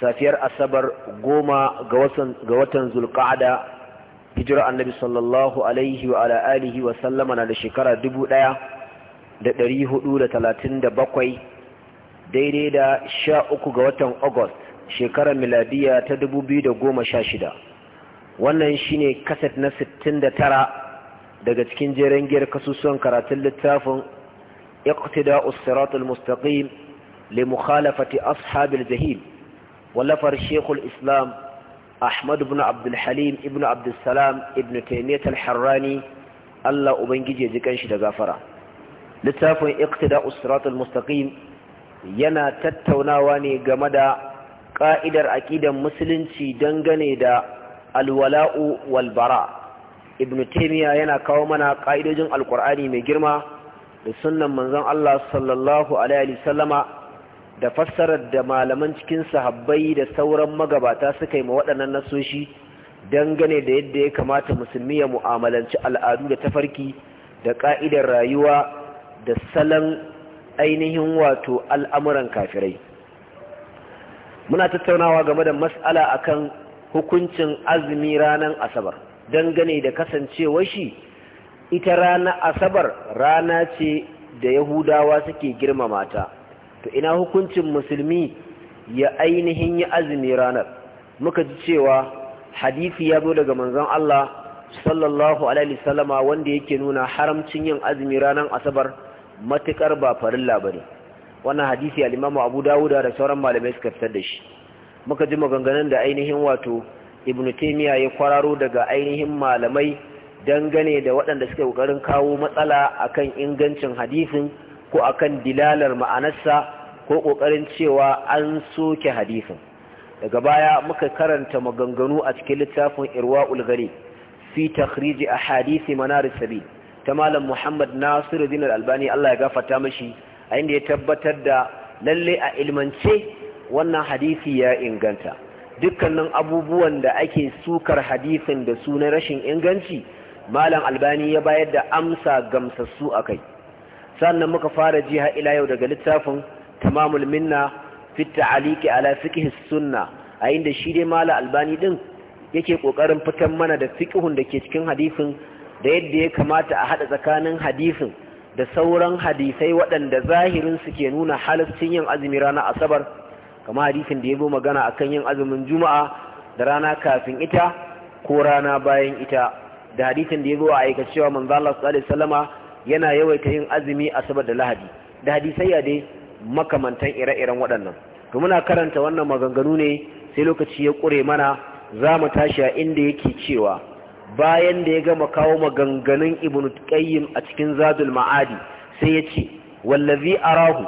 safiyar asabar goma ga watan zulqa'ada hijira annabi sallallahu alaihi wa ala alihi wa sallama na da shekara 1437 daidai da 13 ga watan august shekarar miladiya ta 2016 wannan shine kaset na 69 daga cikin jeren giyar kasusuwan karatun littafin iqtida'us siratal mustaqim li mukhalafati ashabil jahil Walafar shekul islam ahmad ibn abdulhalim ibn abdulsalam ibn taimiyat al-harrani allah ubangiji ji kanshi da gafara littafin iqtida usratul mustaqim yana tattaunawa ne game da ƙa'idar aƙidan musulunci dangane da alwala'u walbara ibn taimiyya yana kawo mana ƙa'idojin alƙur'ani mai girma da sunan manzon Allah sallallahu alaihi sallama da fassarar da malaman cikin sahabbai da sauran magabata suka yi ma waɗannan nasoshi dangane da yadda ya kamata musulmi ya mu'amalanci al'adu da tafarki da ƙa'idar rayuwa da salon ainihin wato al'amuran kafirai muna tattaunawa game da mas'ala akan hukuncin azumi ranar asabar dangane da kasancewar shi ita ranar asabar rana ce da yahudawa suke girmamata to ina hukuncin musulmi ya ainihin yi azumi ranar muka ji cewa hadisi ya zo daga manzon Allah sallallahu alaihi wasallama wanda yake nuna haramcin yin azumi ranar asabar matukar ba farilla bane wannan hadisi al imamu Abu Dawud da sauran malamai suka fitar da shi muka ji maganganun da ainihin wato Ibn Taymiyyah ya kwararo daga ainihin malamai dangane da waɗanda suke kokarin kawo matsala akan ingancin hadisin ko akan dilalar ma'anarsa ko ƙoƙarin cewa an soke hadisin daga baya muka karanta maganganu a cikin littafin irwa'ul gari fi takhrij ahadisi manaris sabil ta malam Muhammad Nasiruddin Al-Albani Allah ya gafarta mashi a inda ya tabbatar da lalle a ilmance wannan hadisi ya inganta dukkanin abubuwan da ake sukar hadisin da su na rashin inganci malam Albani ya bayar da amsa gamsassu akai sannan muka fara jiha ila yau daga littafin tamamul minna fi ta'aliki ala fiqhi sunna a inda shi dai mala albani din yake kokarin fitan mana da fiqhun da ke cikin hadisin da yadda ya kamata a hada tsakanin hadisin da sauran hadisai waɗanda zahirin su ke nuna halaccin yin azumi rana asabar kama hadisin da ya magana akan yin azumin juma'a da rana kafin ita ko rana bayan ita da hadisin da ya zo a aikacewa manzo Allah sallallahu alaihi wasallama yana yawaita yin azumi asabar da lahadi da hadisai ya dai makamantan ire-iren waɗannan to muna karanta wannan maganganu ne sai lokaci ya ƙure mana za mu tashi a inda yake cewa bayan da ya gama kawo maganganun ibn qayyim a cikin zadul ma'adi sai ya ce wallazi arahu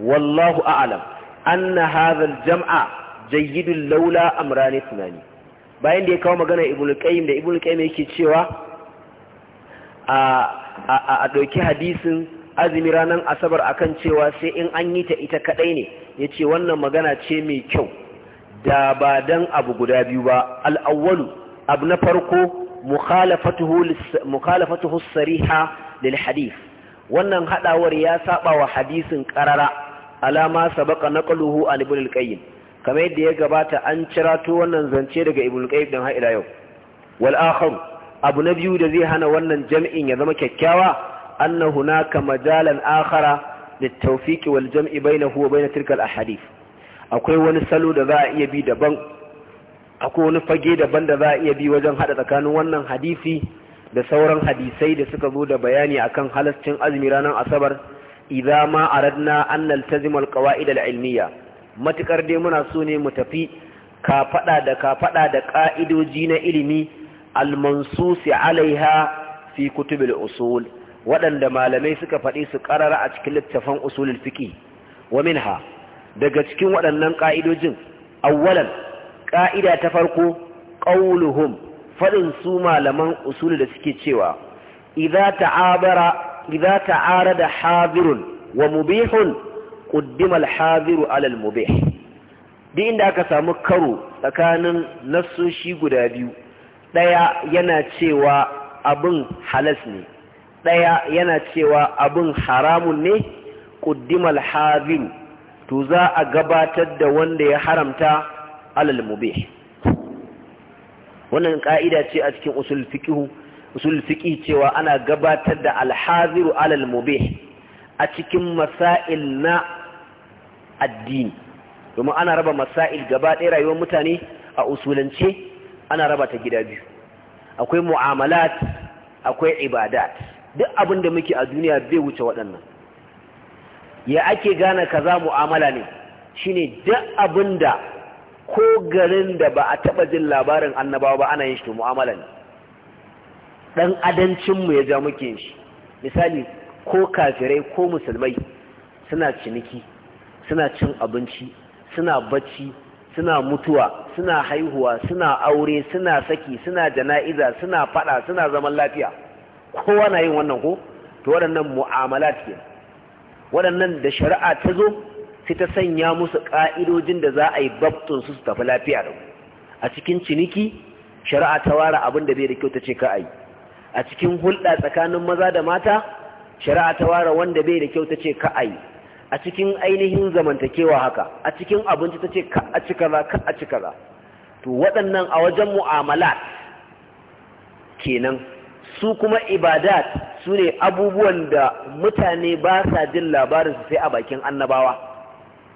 wallahu a'lam anna hadha al-jam'a jayyidul laula amrani tunani bayan da ya kawo magana ibn qayyim da ibn qayyim yake cewa a a a doki hadisin azumi ranar asabar akan cewa sai in an yi ta ita kadai ne ya ce wannan magana ce mai kyau da ba dan abu guda biyu ba al'awwalu abu na farko mukhalafatuhu sariha lil hadith wannan haɗawar ya saba wa hadisin ƙarara. alama sabaka naqluhu an ibn al-qayyim kamar yadda ya gabata an cira to wannan zance daga ibn al-qayyim dan har yau wal akhar abu na biyu da zai hana wannan jam'in ya zama kyakkyawa anna hunaka majalan akhara littawfiqi wal jam'i bainahu wa bain tilka al ahadith akwai wani salo da za a iya bi daban akwai wani fage daban da za a iya bi wajen haɗa tsakanin wannan hadisi da sauran hadisai da suka zo da bayani akan halascin azumi ranar asabar idza ma aradna an naltazima alqawaid alilmiya matukar dai muna so ne mu tafi ka fada da ka fada da ka'idoji na ilimi almansusi alaiha fi kutubil usul waɗanda malamai suka faɗi su ƙarara a cikin littafan usulul fiƙi wa minha daga cikin waɗannan ƙa'idojin awwalan ƙa'ida ta farko qauluhum faɗin su malaman usulu da suke cewa idza ta'abara idza ta'arada hadirun wa mubihun qaddima al-hadiru ala al-mubih duk inda aka samu karo tsakanin nassoshi guda biyu ɗaya yana cewa abin halas ne ɗaya yana cewa abin haramun ne ƙuddimal hazin to za a gabatar da wanda ya haramta alal mubih wannan ƙa'ida ce a cikin usul fiqh cewa ana gabatar da alhaziru alal mubih a cikin masail na addini domin ana raba masail gaba ɗaya rayuwar mutane a usulance ana raba ta gida biyu akwai mu'amalat akwai ibadat duk abin da muke a duniya zai wuce waɗannan ya ake gane kaza mu'amala ne shine duk abin da ko garin da ba a taɓa jin labarin annabawa ba ana yin shi mu'amala ne ɗan adancinmu ya ja muke yin shi misali ko kafirai ko musulmai suna ciniki suna cin abinci suna bacci suna mutuwa suna haihuwa suna aure suna saki suna jana'iza suna faɗa, suna zaman lafiya kowa na yin wannan ko to waɗannan mu'amalat ke waɗannan da shari'a ta zo sai ta sanya musu ƙa'idojin da za a yi babtun su su tafi lafiya da a cikin ciniki shari'a ta ware abin da bai da kyau ta ce ka a yi a cikin hulɗa tsakanin maza da mata shari'a ta ware wanda bai da kyau ta ce ka a yi a cikin ainihin zamantakewa haka a cikin abinci ta ce ka a ci kaza ka a ci kaza to waɗannan a wajen mu'amalat kenan su kuma ibadat su ne abubuwan da mutane ba sa jin su sai a bakin annabawa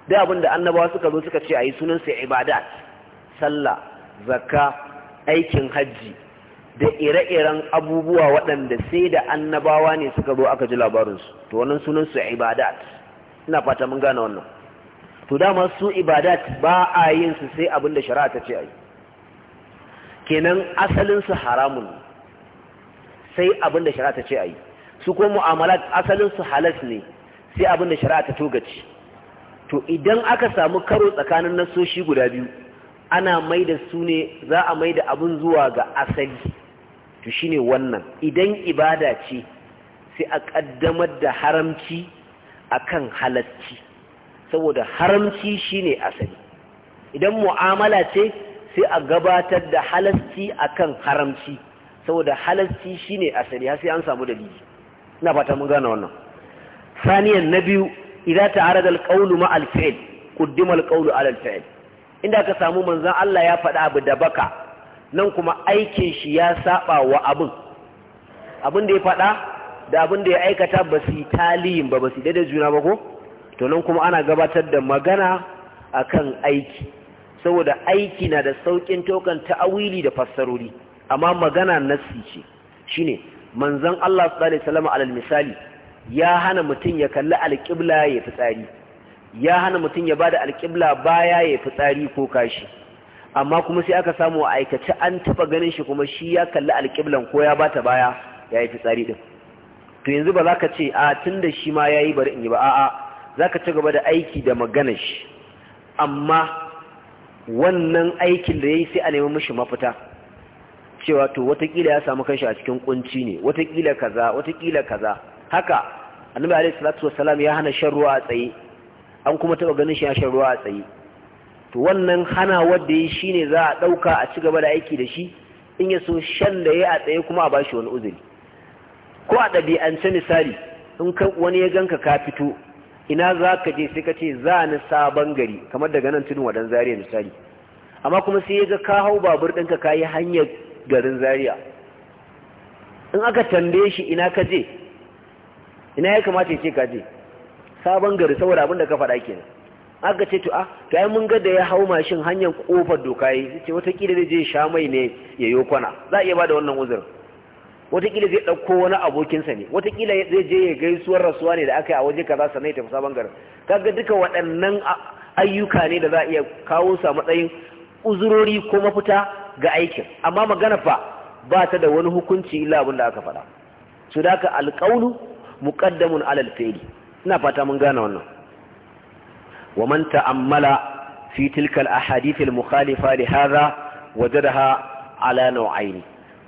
da abin da annabawa suka zo suka ce a yi sunan sai ibadat sallah zakka aikin hajji da ire-iren abubuwa waɗanda sai da annabawa ne suka zo aka ji labarinsu to wannan sunansu ibadat ina fata mun gane wannan to dama su ibadat ba a yin su sai abin da shari'a ta ce a yi kenan asalinsu haramun sai abin da shari'a ta ce a yi su ko mu'amalat asalin su halas ne sai abin da shari'a ta togaci to idan aka samu karo tsakanin nasoshi guda biyu ana mai da su ne za a mai da abin zuwa ga asali to shine wannan idan ibada ce sai a kaddamar da haramci akan halarci saboda haramci shine asali idan mu'amala ce sai a gabatar da halarci akan haramci saboda halarci shine a har sai an samu dalili ina fata mun gane wannan saniyan na biyu idan ta al-qawlu ma al-fi'l quddima inda ka samu manzon Allah ya faɗa abu da baka nan kuma aikin shi ya saba wa abin abin da ya faɗa da abin da ya aikata ba su taliyin ba ba su daidai juna ba ko to nan kuma ana gabatar da magana akan aiki saboda aiki na da saukin tokan ta'awili da fassarori amma magana nassi ce shine manzon Allah sallallahu alaihi wasallam alal misali ya hana mutum ya kalli alƙibla ya fitsari ya hana mutum ya bada alƙibla baya ya fitsari ko kashi amma kuma sai aka samu a aikace an taba ganin shi kuma shi ya kalli alƙiblan ko ya bata baya ya fitsari din to yanzu ba za ka ce a tunda shi ma yayi bari in yi ba a za ka ci gaba da aiki da magana shi amma wannan aikin da ya yi sai a nemi mishi mafita cewa to watakila ya samu kanshi a cikin kunci ne watakila kaza watakila kaza haka annabi alayhi salatu wassalam ya hana shan ruwa a tsaye an kuma taba ganin shi ya shan ruwa a tsaye to wannan hana wanda yi shine za a dauka a ci gaba da aiki da shi in ya so shan da ya a tsaye kuma a ba shi wani uzuri ko a ɗabi'ance misali in ka wani ya ganka ka fito ina za ka je sai ka ce za ni sabon gari kamar daga nan tudun wadan zariya misali amma kuma sai ya ga ka hau babur ɗinka ka yi hanyar garin zaria in aka tambaye shi ina ka je ina ya kamata ya ce ka je sabon gari saboda abin da ka faɗa kenan aka ce to a ah, kai mun ga da ya hau mashin hanyar kofar doka yi ce watakila zai je sha mai ne ya yi kwana za a iya bada wannan uzurin watakila zai ɗauko wani abokinsa ne watakila zai je ya gaisuwar rasuwa ne da aka yi a waje kaza sannan ya tafi sabon garin kaga duka waɗannan ayyuka ne da za a iya kawo su a matsayin uzurori ko mafita ga aikin amma magana fa ba ta da wani hukunci illa abin da aka faɗa su da ka alƙaunu muƙaddamun alal fi'li ina fata mun gane wannan wa man ta'ammala fi tilkal ahadith al mukhalifa li hadha wajadaha ala naw'ain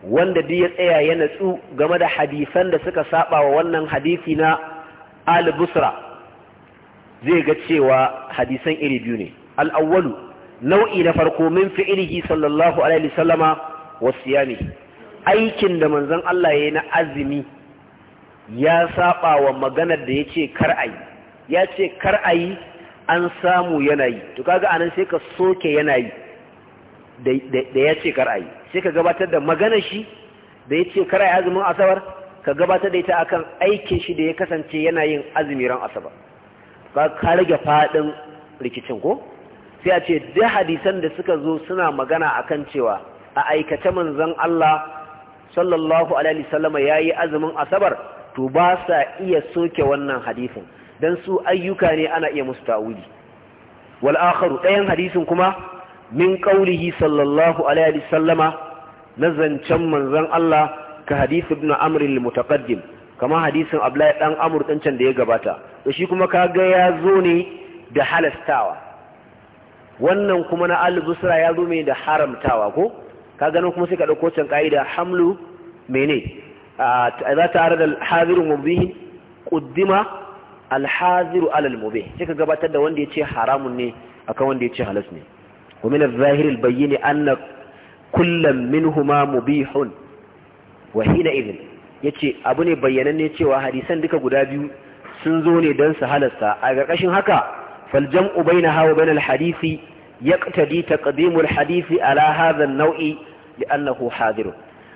wanda duk ya tsaya ya natsu game da hadisan da suka saba wa wannan hadisi na al busra zai ga cewa hadisan iri biyu ne al awwalu nau'i na farko min fi'ilihi sallallahu alaihi wasallama wasiyami aikin da manzon Allah yayi na azumi ya saba wa maganar da yace kar ayi ya ce kar ayi an samu yanayi to kaga anan sai ka soke yanayi da ya ce kar ayi sai ka gabatar da maganar shi da ya ce kar ayi azumin asabar ka gabatar da ita akan aikin shi da ya kasance yana yin azumi ran asabar ka rage fadin rikicin ko sai a ce duk hadisan da suka zo suna magana akan cewa a aikace manzon Allah sallallahu alaihi ya yayi azumin asabar to ba sa iya soke wannan hadisin dan su ayyuka ne ana iya musu ta'wili wal akharu dayan hadisin kuma min qaulihi sallallahu alaihi wasallama na zancen manzon Allah ka hadith ibn amr al-mutaqaddim kama hadisin abdullahi dan amr dan can da ya gabata to shi kuma ga ya zo ne da halastawa wannan kuma na al-busra ya zo mai da haramtawa ko ka gano kuma sai ka dauko can kaida hamlu mene za ta arada al-haziru mubihin quddima al-haziru sai ka gabatar da wanda yace haramun ne akan wanda yace halas ne wa min al-zahir al-bayyin anna kullam minhuma mubihun wa hina idhin yace abu ne bayyananne cewa hadisan duka guda biyu sun zo ne don su halasta a ƙarƙashin haka ubai na hawa bainal hadisi يقتدي hadisi a على nau'i. النوع لأنه حاضر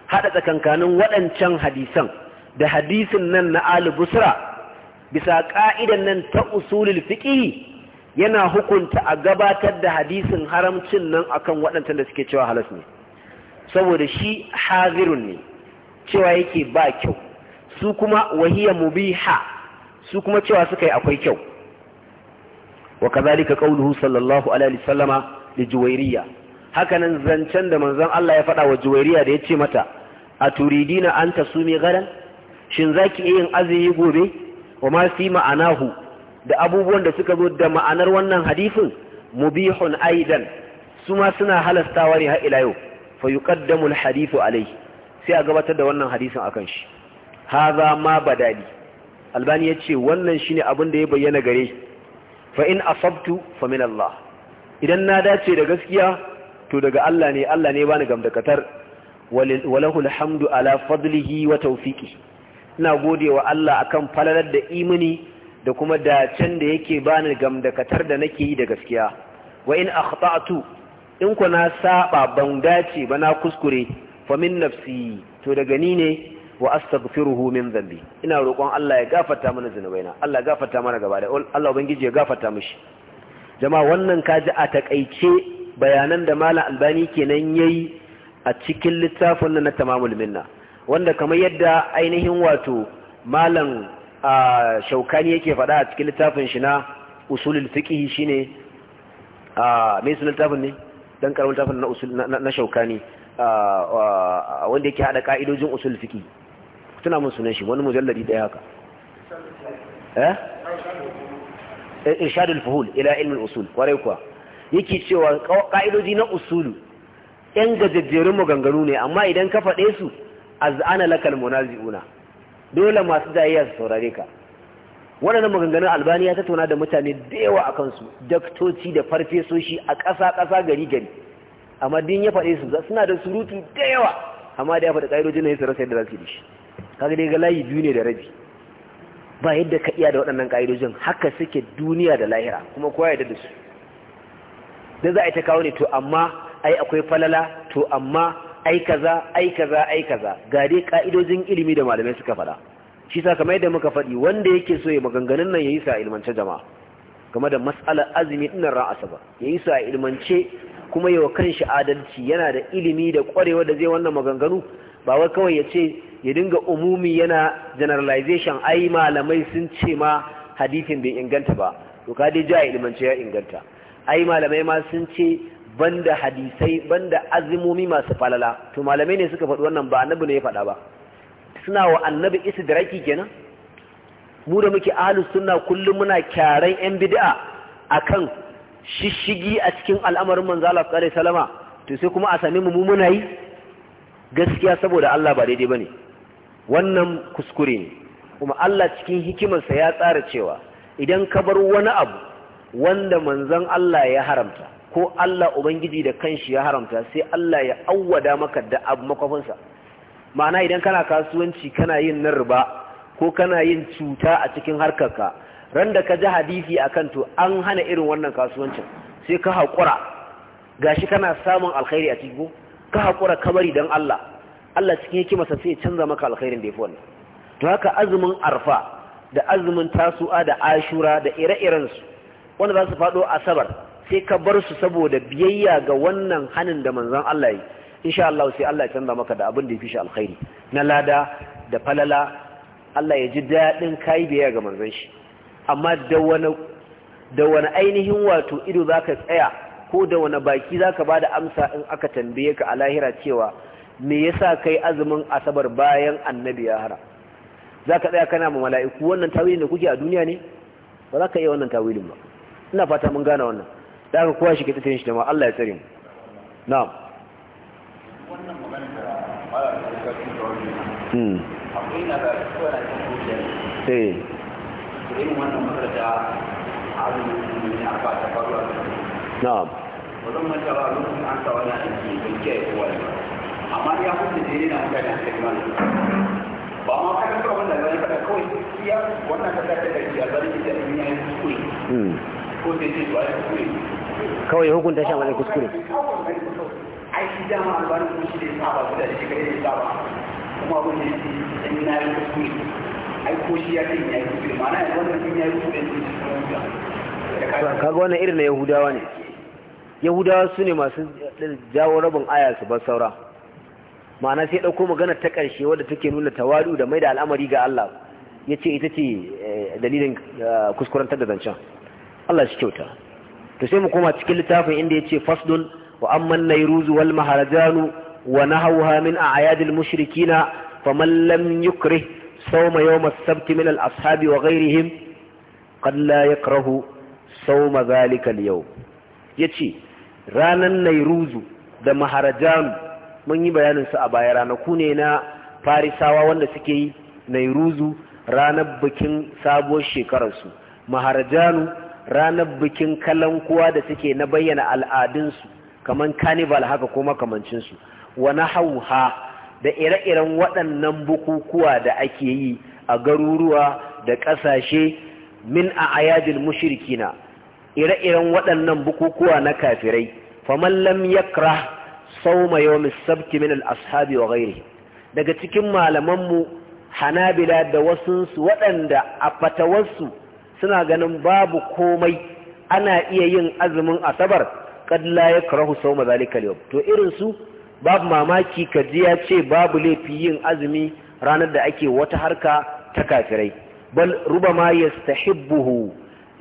هذا تكنكان ولن كان حديثا ده حديث نن آل بسرى بسا قائدا نن تأصول الفقه yana hukunta a gabatar da hadisin haramcin nan akan waɗancan da suke cewa halas ne saboda shi hazirun ne cewa yake ba kyau su kuma wahiya mubiha su kuma cewa sukayi akwai kyau wa kazalika qauluhu sallallahu alaihi wasallama li juwairiya hakanan zancen da manzon Allah ya faɗa wa juwairiya da ya ce mata a turidina an tasumi gadan shin zaki iya yin azumi gobe wa ma ma'anahu da abubuwan da suka zo da ma'anar wannan hadisin mubihun aidan su ma suna halastawa ne har ila yau fa yuqaddamu alhadithu alayhi sai a gabatar da wannan hadisin akan shi haza ma badali albani ya ce wannan shine abin da ya bayyana gare shi fa in asabtu fa min Allah idan na dace da gaskiya to daga Allah ne Allah ne bani gamdakatar walahu alhamdu ala fadlihi wa tawfiqi ina wa Allah akan falalar da imani da kuma dacen da yake bani gamdakatar da nake yi da gaskiya wa in akhta'tu in ku na saba ban dace ba na kuskure fa min nafsi to daga ni ne wa astaghfiruhu min dhanbi ina roƙon Allah ya gafarta mana zinubaina Allah ya gafarta mana gaba da Allah ubangiji ya gafarta mishi jama'a wannan kaji a takaice bayanan da malam albani kenan yayi a cikin littafin nan na tamamul minna wanda kamar yadda ainihin wato malam shaukani yake faɗa a cikin littafin shi na usulul fiqh shine a me sunan littafin ne dan karamin littafin na usul na shaukani wanda yake hada ka'idojin usul fiqh tuna mun sunan shi wani mujalladi daya haka eh? eh irshadul fuhul ila ilmin usul kwarai kuwa yake cewa ka'idoji na usulu yan gajejjerun maganganu ne amma idan ka faɗe su az'ana lakal munazi'una dole masu jayayya su saurare ka waɗannan maganganun albaniya ta tona da mutane da yawa a kansu daktoci da farfesoshi a ƙasa-ƙasa gari-gari amma din ya faɗe su suna da surutu da yawa amma da ya faɗi ƙa'idojin na yi su rasa yadda za su yi da shi kaga dai ga layi biyu ne da rabi ba yadda ka iya da waɗannan ƙa'idojin haka suke duniya da lahira kuma kowa ya da su da za a yi ta kawo ne to amma ai akwai falala to amma ai kaza ai kaza ai kaza ga dai ƙa'idojin ilimi da malamai suka faɗa shi sa kamar yadda muka faɗi wanda yake so ya maganganun nan ya yi sa a ilmance jama'a game da matsalar azumi ina ran asaba ya yi sa a ilmance kuma yi wa shi adalci yana da ilimi da ƙwarewa da zai wannan maganganu ba wai kawai ya ce ya dinga umumi yana generalization ai malamai sun ce ma hadithin bai inganta ba to ka dai ja ya inganta ai malamai ma sun ce banda hadisai banda masu falala to malamai ne suka faɗi wannan ba annabi ne ya faɗa ba suna wa annabi raki kenan mu da muke ahlu sunna kullum muna kyaran yan bid'a akan shishigi a cikin al'amarin manzo Allah sallallahu alaihi wasallama to sai kuma a same mu mu muna yi gaskiya saboda Allah ba daidai bane wannan kuskure ne kuma Allah cikin hikimarsa ya tsara cewa idan ka bar wani abu wanda manzon Allah ya haramta ko Allah ubangiji da kanshi ya haramta sai Allah ya awwada maka da abu makwafinsa ma'ana idan kana kasuwanci kana yin na riba ko kana yin cuta a cikin harkarka ran da ka ji hadisi akan to an hana irin wannan kasuwancin sai ka haƙura gashi kana samun alkhairi a ciki ka haƙura kabari don Allah Allah cikin masa sai canza maka alkhairin da yafi wannan to haka azumin arfa da azumin tasu'a da ashura da ire-iren su wanda za su fado asabar sai ka bar su saboda biyayya ga wannan hanin da manzon Allah yi insha Allah sai Allah ya canza maka da abin da yafi shi alkhairi na lada da falala Allah ya ji dadin kai biyayya ga manzon shi amma da wani da wani ainihin wato ido zaka tsaya ko da wani baki zaka bada amsa in aka tambaye ka a lahira cewa me yasa kai azumin asabar bayan annabi ya hara za ka tsaya kana ma mala'iku wannan tawilin da kuke a duniya ne ba za ka iya wannan tawilin ba ina fata mun gane wannan da aka kowa shi ke tafiyin shi da ma Allah ya tsare mu na'am wannan magana da mara da ta ci da wani akwai na ga kowa da ta kuɗi eh irin wannan magana da azumi ne a ba ta faruwa na'am wannan mutawa da an sa wannan aiki ban ko wani ne amma ya kuma da yana da da kalmar ba ma ka ga kuma da zai ka kawai iya wannan ka ta da ya bari da in ya yi kuskure hmm. ko sai ce ba kuskure kawai hukunta shi wani kuskure ai shi dama albarin kuma shi da ya saba da shi kai da ya saba kuma abin da ya ce na yi kuskure ai ko shi ya ce ya yi kuskure ma'ana ya wannan sun ya yi kuskure ne kaga wannan irin na yahudawa ne yahudawa su ne masu jawo rabin aya su bar saura ma'ana sai ɗauko magana ta ƙarshe wadda take nuna tawadu da mai da al'amari ga Allah ya ce ita ce eh, dalilin eh, kuskurantar da zancen Allah shi kyauta to sai mu koma cikin littafin inda ya ce fasdun wa amman nairuzu wal maharajanu wa nahawha min a'yadil mushrikina faman lam yukrih sau ma yau sabt min al-ashabi wa gairihim qad la yakrahu sawma dhalika al yace ranan nairuzu da maharajanu mun yi bayanin su a baya ranaku ne na farisawa wanda suke yi nairuzu ranar bikin sabuwar shekararsu maharajanu ranar bikin kalankuwa da suke na bayyana al'adunsu kaman carnival haka ko makamancinsu wani hauha da ire-iren waɗannan bukukuwa da ake yi a garuruwa da ƙasashe min a ayajin mushrikina ire-iren waɗannan bukukuwa na kafirai famallam yakra صوم يوم السبت من ashabi wa daga cikin malaman mu hanabila da wasu waɗanda a fatawarsu suna ganin babu komai ana iya yin azumin asabar kad la yakrahu sauma zalika al to irin su babu mamaki kaji ya ce babu laifi yin azumi ranar da ake wata harka ta kafirai bal rubama yastahibbuhu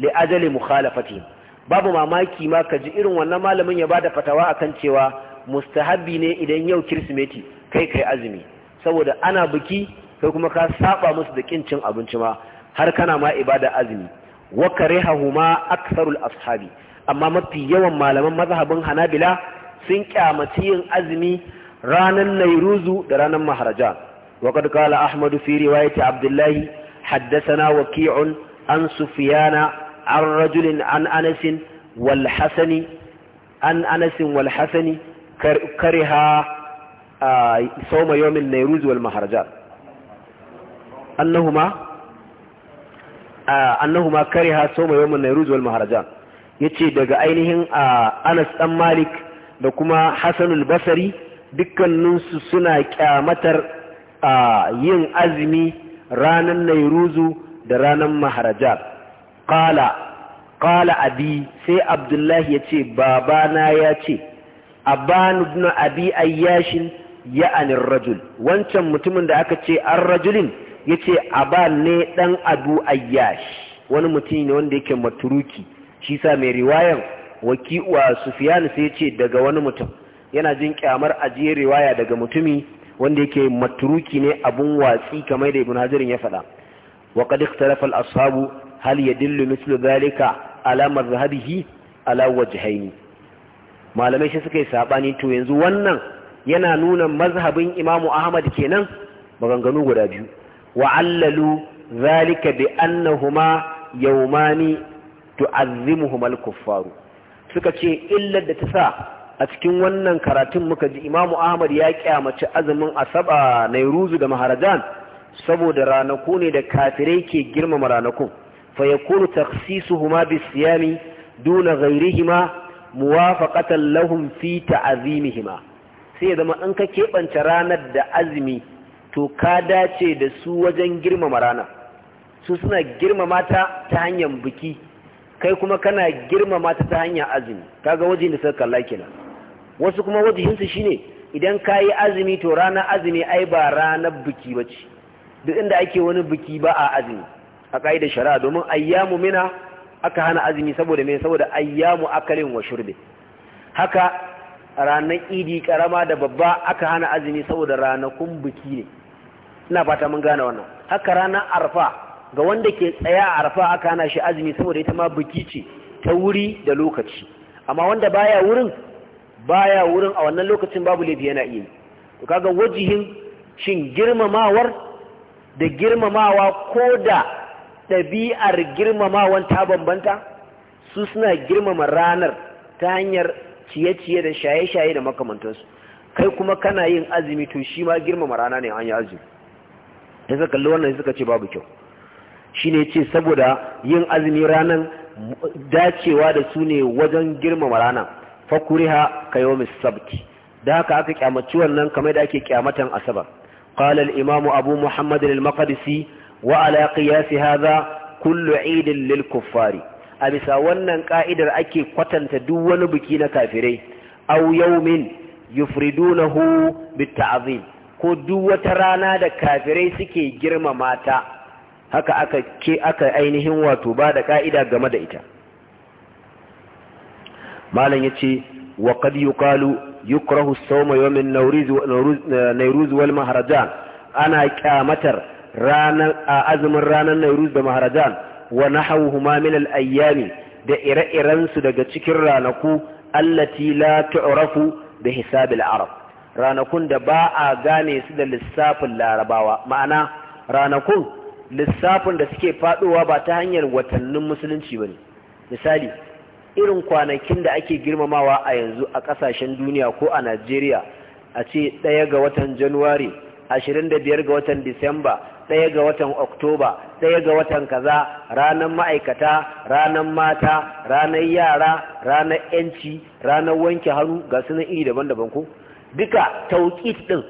li ajali mukhalafati babu mamaki ma kaji irin wannan malamin ya bada fatawa akan cewa mustahabbi ne idan yau kirsimeti kai kai azumi saboda ana biki kai kuma ka saba musu da kin cin abinci ma har kana ma ibada azumi wa ma aktharul ashabi amma mafi yawan malaman mazhabin hanabila sun kyamaci yin azumi ranan nairuzu da ranan maharaja wa qad qala ahmad fi riwayati abdullahi haddathana waqi'un an sufyana an rajulin an anas wal hasani an anas wal hasani kariha sauma yawmin nairuz wal yace daga ainihin Anas dan Malik da kuma HassanulBasari Basri dukkaninsu suna kyamatar yin azumi ranar nairuzu da ranar maharaja qala qala abi sai abdullahi yace babana ya ce abban na abi ayyashin ya'ani rajul wancan mutumin da aka ce an rajulin yace aban ne dan abu ayyash wani mutum ne wanda yake maturuki shi sa mai riwayan waki wa sai ce daga wani mutum yana jin kyamar ajiye riwaya daga mutumi wanda yake maturuki ne abun watsi kamar da ibn hajarin ya faɗa wa qad ikhtalafa al-ashabu hal yadullu mithlu dhalika ala madhhabihi ala wajhaini malamai shi suka yi saɓani to yanzu wannan yana nuna mazhabin imamu ahmad kenan maganganu guda biyu wa'allalu zalika bi annahuma yaumani tuazzimuhum al-kuffaru suka ce illar da ta sa a cikin wannan karatun muka ji imamu ahmad ya kyamaci azumin asaba nairuzu da maharajan saboda ranaku ne da kafirai ke girmama ranakun fa yakunu takhsisuhuma siyami duna ghairihima muwafaqatan lahum fi ta'zimihima sai ya zama in ka keɓance ranar da azumi to ka dace da su wajen girmama ranar su suna girmama ta ta hanyar biki kai kuma kana girmama ta ta hanyar azumi kaga wajen da suka kalla kenan wasu kuma su shine idan ka yi azumi to ranar azumi ai ba ranar biki ba duk inda ake wani biki ba a azumi a ƙa'idar shari'a domin ayyamu mina aka hana azumi saboda me saboda ayyamu akalin wa shurbi haka ranar idi karama da babba aka hana azumi saboda ranakun biki ne ina fata mun gane wannan haka ranar arfa ga wanda ke tsaya a arfa aka hana shi azumi saboda ita ma biki ce ta wuri da lokaci amma wanda baya wurin baya wurin a wannan lokacin babu laifi yana iya to kaga wajihin shin girmamawar da girmamawa ko da ɗabi'ar girmamawan ta bambanta su suna girmama ranar ta hanyar ciye-ciye da shaye-shaye da makamantansu kai kuma kana yin azumi to shi ma girmama rana ne an yi azumi ya suka kalli wannan suka ce babu kyau shi ne ce saboda yin azumi ranar dacewa da su ne wajen girmama rana fakuriha ka yau sabti da haka aka kyamaci wannan kamar da ake kyamatan asabar قال الإمام أبو محمد المقدسي وعلى قياس هذا كل عيد للكفار أبسا ونن قائدر أكي قتن تدون بكين كافرين أو يوم يفردونه بالتعظيم ko du wata rana da kafirai suke girmama ta haka aka ke aka ainihin wato ba da ka'ida game da ita malam yace wa qad yuqalu yukrahu as-sawm yawm an wal ana kyamatar A azumin ranar nairuz da maharajan wa nahawuhuma min al-ayyami da ire-iren su daga cikin ranaku allati la tu'rafu bi hisabil arab ranakun da ba a gane su da lissafin larabawa ma'ana ranakun lissafin da suke faduwa ba ta hanyar watannin musulunci ba ne. misali irin kwanakin da ake girmamawa a yanzu a ƙasashen duniya ko a Najeriya a ce ɗaya ga watan Januwari ashirin da biyar ga watan disamba ɗaya ga watan oktoba ɗaya ga watan kaza ranar ma'aikata ranar mata ranar yara ranar yanci ranar wanke hannu ga sunan iri daban-daban ko duka tauƙit ɗin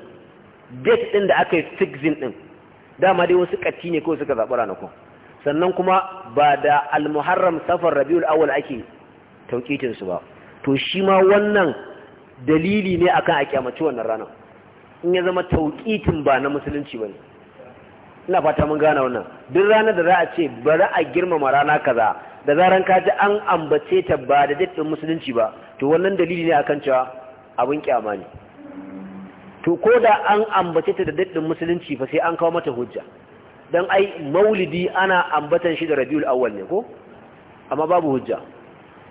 date ɗin da aka yi fixing ɗin dama dai wasu ƙatti ne kawai suka zaɓi ranakun sannan kuma ba da almuharram safar rabiul awwal ake tauƙitinsu ba to shi ma wannan dalili ne akan a kyamaci wannan ranar in ya zama tauƙitin ba na musulunci ba ne ina fata mun gane wannan duk ranar da za a ce bari a girmama rana kaza da zaran ka ji an ambace ta ba da daɗin musulunci ba to wannan dalili ne akan cewa abin kyama ne to ko da an ambace ta da daɗin musulunci fa sai an kawo mata hujja dan ai maulidi ana ambatan shi da rabiul awwal ne ko amma babu hujja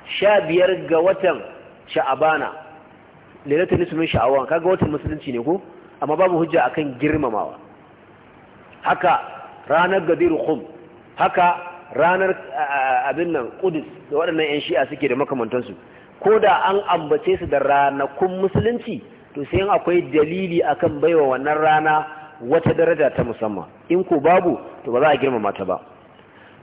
sha biyar ga watan sha'abana lailatul nisfin sha'awan kaga watan musulunci ne ko amma babu hujja akan girmamawa haka ranar gadiru khum haka ranar eh, abin nan kudus da waɗannan 'yan shi'a suke da makamantansu ko da an ambace su da ranakun musulunci to sai akwai dalili akan baiwa wannan rana wata daraja ta musamman in ko babu to ba za a girmama ta ba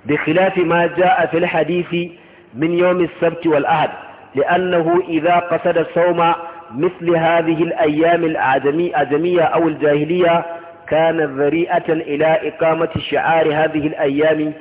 bi khilafi ma jaa fil hadisi min yawm as-sabt wal ahad li'annahu idha qasada sawma Misli مثل هذه الأيام الأعجمية أو الجاهلية كانت ذريئة إلى إقامة شعار هذه الأيام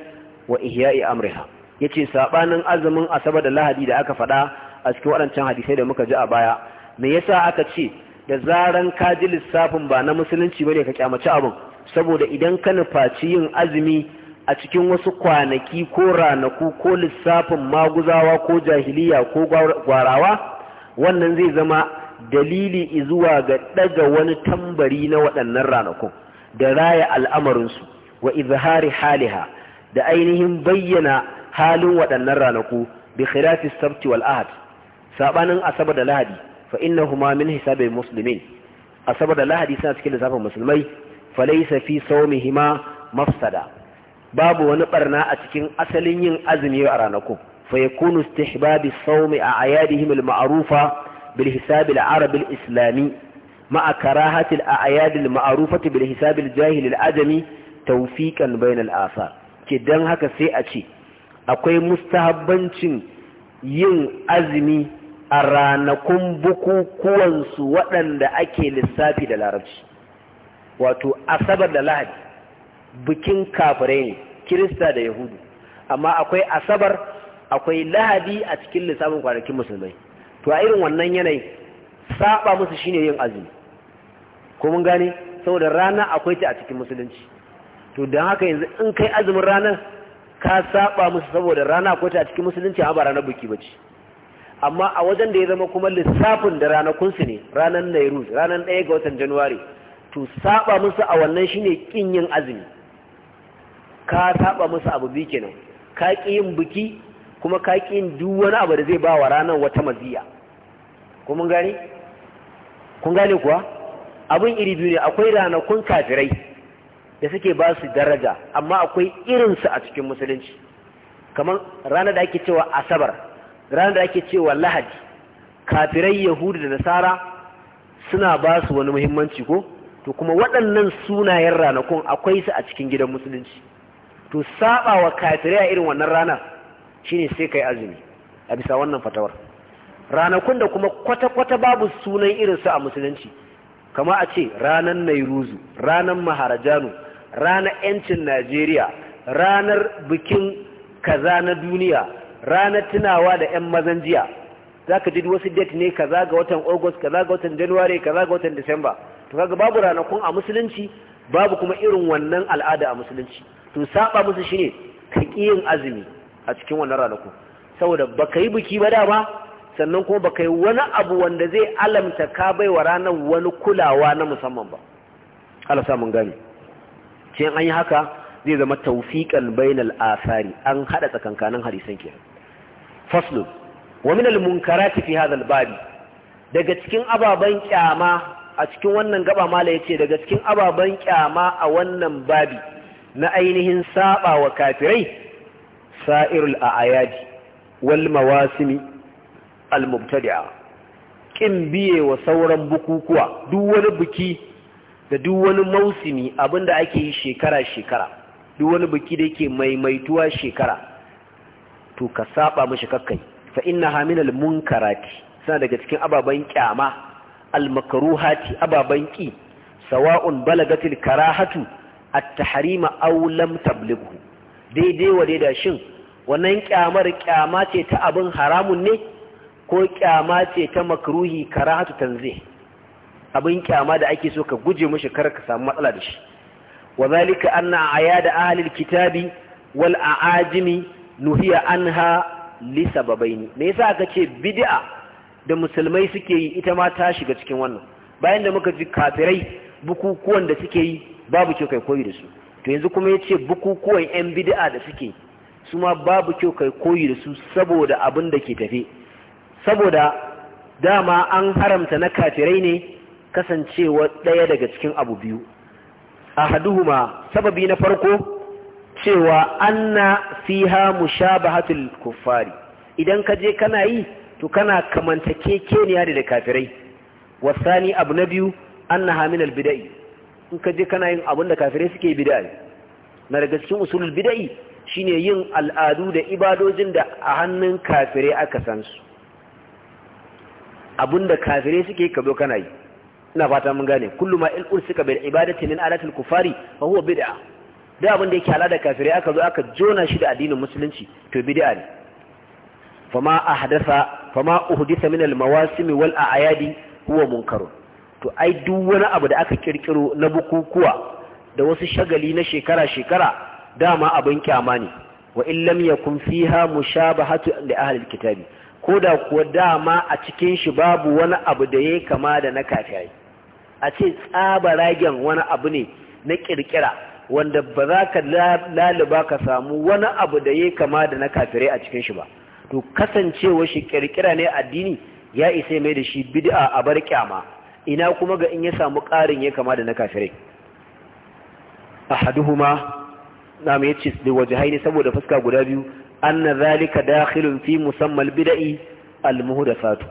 وإهياء أمرها yace saɓanin azumin asabar da lahadi da aka faɗa a cikin waɗancan hadisai da muka ji a baya me yasa aka ce da zaran ka ji lissafin ba na musulunci bane ka kyamaci abu? saboda idan ka nufaci yin azumi a cikin wasu kwanaki ko ranaku ko lissafin maguzawa ko jahiliya ko gwarawa wannan zai zama dalili zuwa ga daga wani tambari na waɗannan ranakun da raya al'amarinsu wa izhari haliha da ainihin bayyana halin waɗannan ranaku bi khilafi sabti wal ahad sabanin asabar da lahadi fa innahuma min hisabil muslimin asabar da lahadi suna cikin lissafin musulmai falaisa fi sawmihima mafsada babu wani barna a cikin asalin yin azumi a ranakun فيكون استحباب الصوم أعيادهم المعروفة بالحساب العربي الإسلامي مع كراهة الأعياد المعروفة بالحساب الجاهل الأدمي توفيقا بين الآثار كدن هكا سيأتي akwai mustahabbancin yin azumi a ranakun su waɗanda ake lissafi da larabci wato asabar da lahadi bikin kafirai ne kirista da yahudu amma akwai asabar akwai lahadi a cikin lissafin kwanakin musulmai to a irin wannan yanayi saba musu shine yin azumi ko mun gane saboda rana akwai ta a cikin musulunci to don haka yanzu in kai azumin ranar ka saba musu saboda rana akwai ta a cikin musulunci a ba ranar buki bace amma a wajen da ya zama kuma lissafin da ranakun su ne ranar Nairus ranar ɗaya ga watan januwari to saba musu a wannan shine kin yin azumi ka saba musu abu bi kenan ka ki yin buki kuma ka ƙin duk wani abu da zai ba wa ranar wata maziya ko mun kun gane kuwa abin iri biyu ne akwai ranakun kafirai da suke ba su daraja amma akwai irinsu a cikin musulunci kamar ranar da ake cewa asabar ranar da ake cewa lahadi kafirai yahudu da nasara suna ba su wani muhimmanci ko to kuma waɗannan sunayen ranakun akwai su a cikin gidan musulunci to saba wa kafirai a irin wannan ranar shine sai kai azumi a bisa wannan fatawar ranakun da kuma kwata-kwata babu sunan irinsu a musulunci kama a ce ranar nairuzu ranar maharajanu ranar 'yancin najeriya ranar bikin kaza na duniya ranar tunawa da 'yan mazan jiya za ka ji wasu date ne kaza ga watan august kaza ga watan january kaza ga watan december to kaga babu ranakun a musulunci babu kuma irin wannan al'ada a musulunci to saba musu shine ka yin azumi a cikin wannan ranaku saboda baka yi biki ba dama sannan kuma baka yi wani abu wanda zai alamta ka bai wa ranar wani kulawa na musamman ba ala samun gani ce an yi haka zai zama taufiƙan bainal asari an haɗa tsakankanin harisan ke faslu wa min al fi babi daga cikin ababen kyama a cikin wannan gaba mala ya ce, daga cikin ababen kyama a wannan babi na ainihin saba wa kafirai sa'irul a'ayadi wal mawasimi al mubtadi'a kin biye wa sauran bukukuwa duk wani biki da duk wani mausimi abinda ake yi shekara shekara duk wani biki da yake maimaituwa shekara to ka saba mishi kakkai fa innaha min munkarati sana daga cikin ababen kyama al makruhati ki sawa'un balagatil karahatu at tahrima aw lam tablighhu daidai wa daida shin wannan kyamar kyama ce ta abin haramun ne ko kyama ce ta makruhi karahatu tanzih abin kyama da ake so ka guje mishi kar ka samu matsala da shi wa zalika anna ayada ahlil kitabi wal aajimi nuhiya anha li sababaini me yasa aka ce bid'a da musulmai suke yi ita ma ta shiga cikin wannan bayan da muka ji kafirai bukukuwan da suke yi babu kyau kai koyi da su to yanzu kuma yace bukukuwan yan bid'a da suke su ma babu kyau kai koyi da su saboda abin da ke tafe saboda dama an haramta na kafirai ne kasancewa ɗaya daga cikin abu biyu ahaduhuma sababi na farko cewa anna fiha mushabahatul kuffari idan ka je kana yi to kana kamanta kekeniya da kafirai wasani abu na biyu annaha min bidai. in ka je kana yin abin da kafirai suke bida'i na daga cikin usulul bidai shine yin al'adu da ibadojin da a hannun kafirai aka san su abin da kafirai suke ka zo kana yi ina fata mun gane kullu ma il ursika bil ibadati min alatil kufari fa huwa bid'a da abin da yake halada kafirai aka zo aka jona shi da addinin musulunci to bid'a ne Fa ma ahdatha ma uhdisa min al mawasim wal a'yadi huwa munkarun to ai duk wani abu da aka kirkiro na bukukuwa da wasu shagali na shekara-shekara dama abin kyama ne wa illam yakun fiha mushabahatu li ahli alkitabi ko da kuwa dama a cikin shi babu wani abu da yake kama da na kafirai a ce tsaba ragen wani abu ne na kirkira wanda ba za ka laliba ka samu wani abu da yake kama da na kafirai a cikin shi ba to kasancewa shi kirkira ne addini ya isa mai da shi bid'a a bar kyama ina kuma ga in ya samu ƙarin ya kama da na kafirai ahaduhuma na mai ce da haini saboda fuska guda biyu anna zalika dakhilun fi musammal bid'i da satu.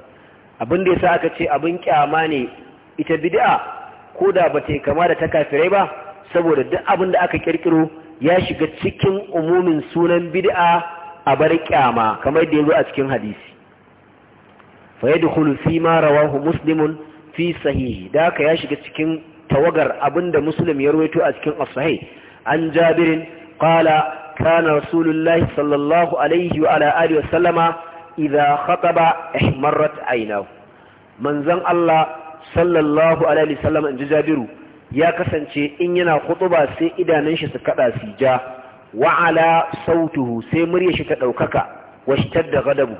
abin da sa aka ce abin kyama ne ita bid'a ko da ba ta kama da ta kafirai ba saboda duk abin da aka kirkiro ya shiga cikin umumin sunan bid'a a bar kyama kamar da ya zo a cikin hadisi fa yadkhulu fi ma rawahu muslimun fi sahihi da haka ya shiga cikin tawagar abinda muslim ya ruwaito a cikin as-sahih an jabirin qala kana rasulullahi sallallahu alaihi wa ala alihi wa sallama idza khataba ihmarrat aynahu manzon Allah sallallahu alaihi wa sallam inji jabiru ya kasance in yana khutuba sai idanun shi su kada su ja wa ala sautuhu sai muryar shi ta daukaka washtadda ghadabu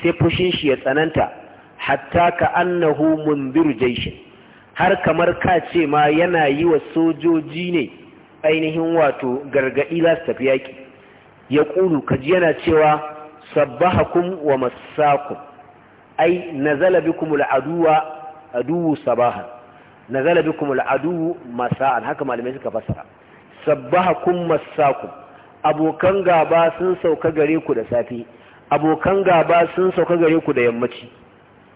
sai fushin shi ya tsananta hatta ka annahu munzir jaishin har kamar ka ce ma yana yi wa sojoji ne ainihin wato gargaɗi za su tafi yaƙi ya ƙulu kaji yana cewa sabbahakum wa masakum ai nazala bikum al'aduwa aduwu sabahan nazala bikum al'aduwu masa'an haka malamai suka fasara sabbahakum masakum abokan gaba sun sauka gare ku da safe abokan gaba sun sauka gare ku da yammaci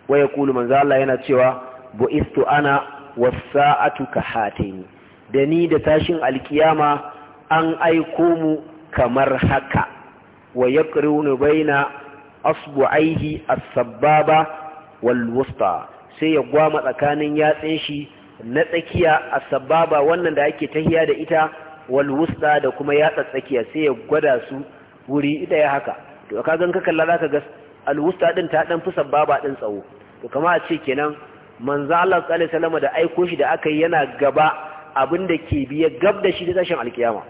wa kulu manzo Allah yana cewa bu'istu ana was-sa'atu hatini da ni da tashin alkiyama an aiko mu kamar haka wa yaqrunu baina asbu'aihi as-sabbaba wal-wusta sai ya gwama tsakanin yatsin shi na tsakiya as-sabbaba wannan da ake tahiya da ita wal-wusta da kuma yatsa tsakiya sai ya gwada su wuri ɗaya haka to ka gan ka kalla zaka ga al-wusta din ta dan fi sabbaba din tsawo to a ce kenan manzo Allah sallallahu alaihi da aiko shi da aka yi yana gaba abin da ke biye gab da shi da tashin alkiyama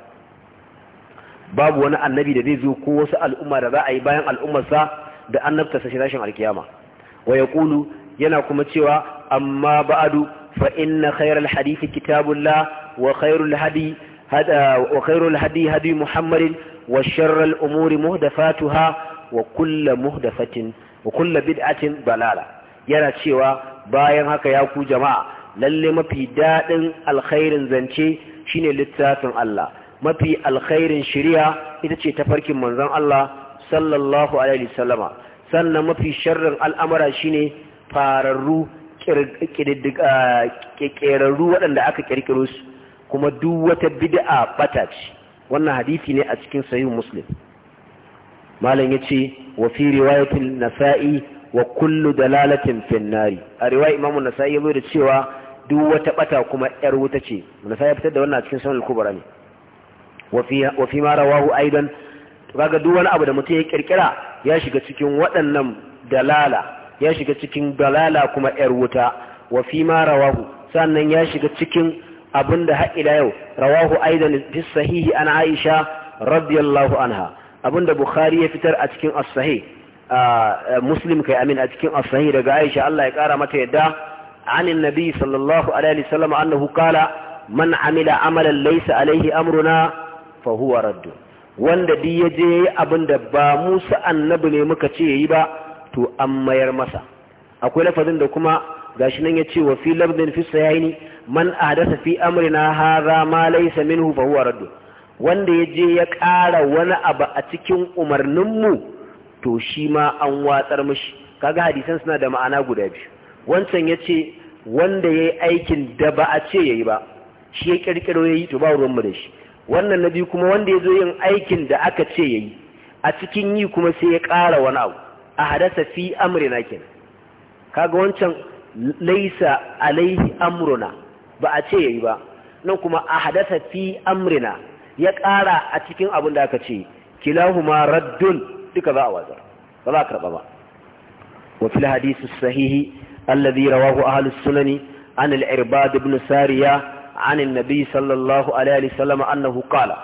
babu wani annabi da zai zo ko wasu al'umma da za a yi bayan al'ummarsa da annabta sa tashin alkiyama wa yaqulu yana kuma cewa amma ba'du fa inna khayral hadithi kitabullah wa khayrul hadi wa khayrul hadi hadi muhammadin wa sharral umuri muhdathatuha wa kullu muhdathatin wa kullu bid'atin yana cewa bayan haka ya ku jama'a lalle mafi daɗin alkhairin zance shine littafin Allah mafi alkhairin shari'a ita ce tafarkin manzon Allah sallallahu alaihi wasallama sannan mafi sharrin al'amara shine fararru ƙirarru ah, waɗanda aka ƙirƙiro su kuma duk wata bid'a bata ce wannan hadisi ne a cikin sahih muslim malam yace wa fi riwayatil nasa'i wa kullu dalalatin finnari a riwaya imam nasai ya da cewa duk wata bata kuma yar wuta ce nasai ya fitar da wannan cikin sunan kubra ne wa fi ma rawahu aidan kaga duk wani abu da mutum ya kirkira ya shiga cikin waɗannan dalala ya shiga cikin dalala kuma yar wuta wa fi ma rawahu sannan ya shiga cikin abin da da yau rawahu aidan fi sahihi an aisha radiyallahu anha abin da bukhari ya fitar a cikin as-sahih muslim kai amin a cikin asahi daga aisha Allah ya kara mata yadda anin nabi sallallahu alaihi wasallam annahu kala man amila amalan laysa alaihi amruna fa huwa radd wanda duk yaje abinda ba Musa annabi ne muka ce yayi ba to an mayar masa akwai lafazin da kuma gashi nan yace wa fi labdin fi sahihaini man ahdasa fi amrina hadha ma laysa minhu fa huwa radd wanda yaje ya kara wani abu a cikin umarninmu mu to shi ma an watsar mashi kaga hadisan suna da ma'ana guda biyu wancan ya ce wanda ya yi aikin da ba a ce ya yi ba shi ya kirkiro ya yi to ba ruwanmu da shi wannan na biyu kuma wanda ya zo yin aikin da aka ce ya yi a cikin yi kuma sai ya ƙara wani abu a hadasa fi amrina kenan kaga wancan laisa alaihi amruna ba a ce ya yi ba nan kuma a hadasa fi amrina ya ƙara a cikin abin da aka ce kilahuma raddun duka za a watsar ba za a karɓa ba wa fil hadisi sahihi alladhi rawahu ahlus sunani an al-irbad ibn sariya an an sallallahu alaihi wasallam annahu qala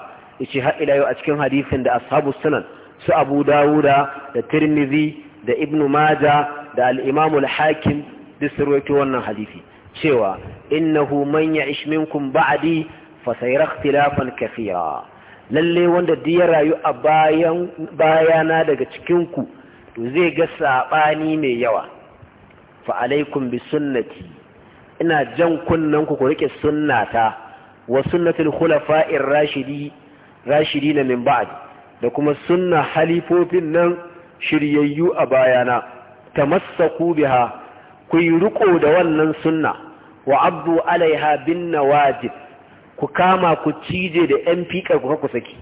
yace har ila yau a cikin hadisin da ashabu sunan su abu dawuda da tirmidhi da ibn maja da al-imam al-hakim duk surwaito wannan hadisi cewa innahu man ya'ish minkum ba'di fa sayara ikhtilafan kathira lalle wanda duk ya rayu a bayan bayana daga cikin ku to zai ga saɓani mai yawa fa alaikum bi sunnati ina jan kunnan ku ku rike sunnata wa sunnatul khulafa'ir rashidi rashidina min ba'd da kuma sunna halifofin nan shiryayyu a bayana tamassaku biha ku yi riko da wannan sunna wa abdu alaiha bin nawajib ku kama ku cije da yan fiƙar ku ku saki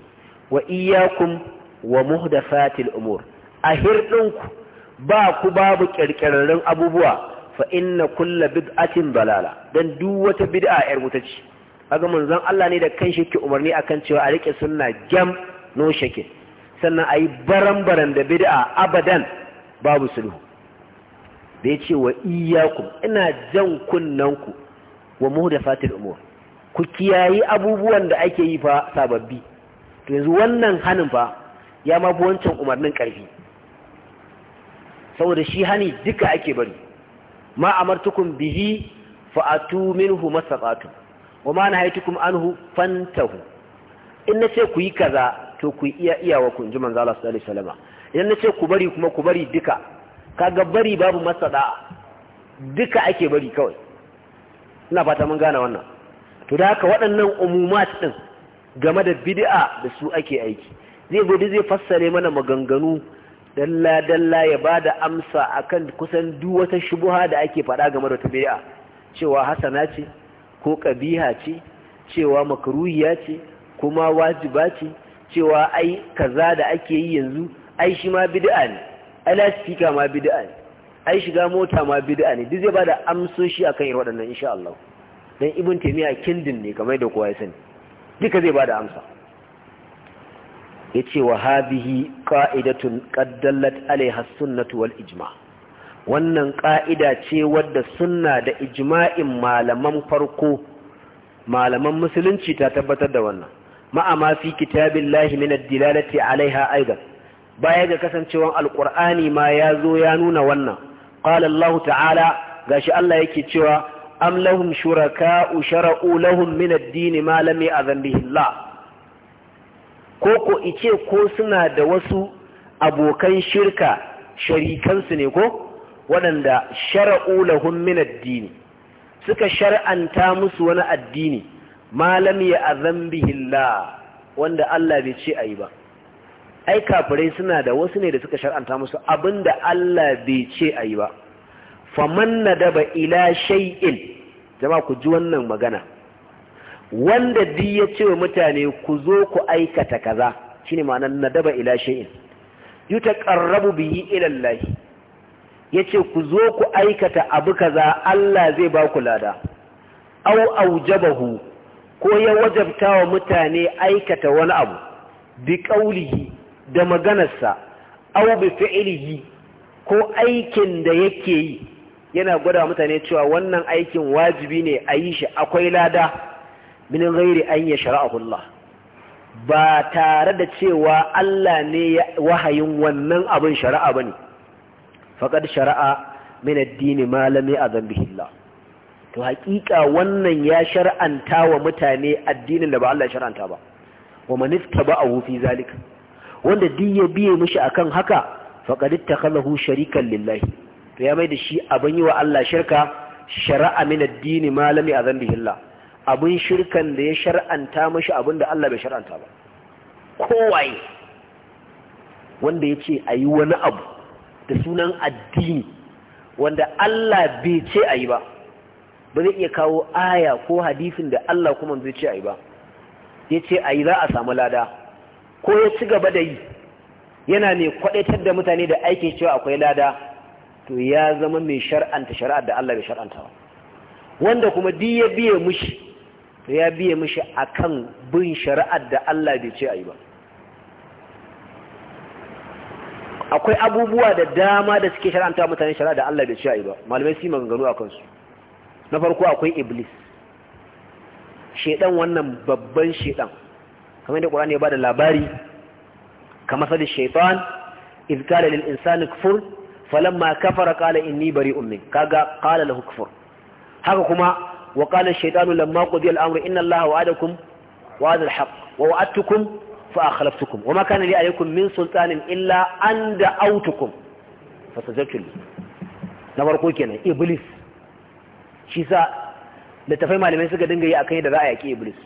wa iyyakum wa umur a hirɗinku ba ku babu kirkirarrun abubuwa fa inna kulla bid'atin balala Don duk wata bid'a yar wuta ce kaga manzon Allah ne da kanshi ke umarni akan cewa a rike sunna gam no shake sannan ayi baran-baran da bid'a abadan babu sulhu da yace wa iyyakum ina jan kunnanku wa muhdathatil umur ku kiyayi abubuwan da ake yi fa sababbi to yanzu wannan hanin fa ya ma bu wancan umarnin karfi saboda shi hani duka ake bari ma amartukum bihi atu minhu masaqatu wa ma nahaytukum anhu fantahu in nace ku yi kaza to ku iya iyawa kun inji manzo Allah sallallahu alaihi wasallam idan nace ku bari kuma ku bari duka kaga bari babu masada duka ake bari kawai ina fata mun gane wannan to da haka waɗannan umumat ɗin game da bid'a da su ake aiki zai gudu zai fassare mana maganganu dalla-dalla ya ba da amsa a kan kusan duwata wata shubuha da ake faɗa game da tabi'a cewa hasana ce ko ƙabiha ce cewa makaruhiya ce kuma wajiba ce cewa ai kaza da ake yi yanzu ai shi ma bid'a ne ai lasifika ma bid'a ne ai shiga mota ma bid'a ne duk zai ba da amsoshi a kan irin waɗannan insha Allah dan ibn taymiya kindin ne kamar da kowa ya sani duka zai bada amsa yace wa hadhihi qa'idatun qaddalat alaiha sunnatu wal ijma' wannan ƙa'ida ce wadda sunna da ijma'in malaman farko malaman musulunci ta tabbatar da wannan ma'ama fi kitabin lahi ad dilalati alaiha aidan baya ga kasancewan alƙur'ani ma ya zo ya nuna wannan qala Allah ta'ala gashi Allah yake cewa am lahum shuraka'u shara'u lahum min ad-din ma lam ya'zan bihi Allah ko ko ice ko suna da wasu abokan shirka sharikansu ne ko waɗanda shara'u lahum min ad-din suka shar'anta musu wani addini ma lam ya'zan bihi Allah wanda Allah bai ce ayi ba ai kafirai suna da wasu ne da suka shar'anta musu abinda Allah bai ce ayi ba faman nadaba ila shay'in jama ku ji wannan magana wanda di ya ce wa mutane ku zo ku aikata kaza shine ma'anar nadaba ila shay'in yutaqarrabu bihi ila Allah yace ku zo ku aikata abu kaza Allah zai ba ku lada Au aujabahu ko ya wajabta wa mutane aikata wani abu bi qaulihi da maganarsa aw bi fi'lihi ko aikin da yake yi yana gwada mutane cewa wannan aikin wajibi ne a yi shi akwai lada min ghairi an ya shara'ahullah ba tare da cewa Allah ne wahayin wannan abin shari'a bane faqad shari'a min ad-din ma lam ya'zambihillah to hakika wannan ya shar'anta wa mutane addinin da ba Allah ya shar'anta ba wa man ittaba'ahu fi zalika wanda duk ya biye mishi akan haka faqad ittakhadahu sharikan lillahi to ya mai da shi abin yi wa Allah shirka shara'a min addini malami a zambihillah abin shirkan da ya shar'anta mashi abin da Allah bai shar'anta ba kowaye wanda ya ce a yi wani abu da sunan addini wanda Allah bai ce a yi ba ba zai iya kawo aya ko hadisin da Allah kuma zai ce a yi ba ya ce a yi za a samu lada ko ya ci gaba da yi yana ne kwaɗaitar da mutane da aikin cewa akwai lada to ya zama mai shar'anta shari'ar da Allah bai shar'anta ba wanda kuma di ya biye mushi to ya biye mushi akan bin shari'ar da Allah bai ce ayi ba akwai abubuwa da dama da suke shar'anta mutane shari'ar da Allah bai ce ayi ba malamai su maganganu akan su na farko akwai iblis shedan wannan babban shedan kamar da Qur'ani ya bada labari kamar sa da shaytan idh qala lil insani kfur falamma kafara qala inni bari min kaga qala lahu kufur haka kuma wa qala ash-shaytanu lamma qudiya al-amru inna allaha wa'adakum wa'ada wa ma kana li alaykum min sultanin illa an da'awtukum fastajabtum na farko kenan iblis shi sa littafai malamai suka dinga yi akan yadda za a yaki iblis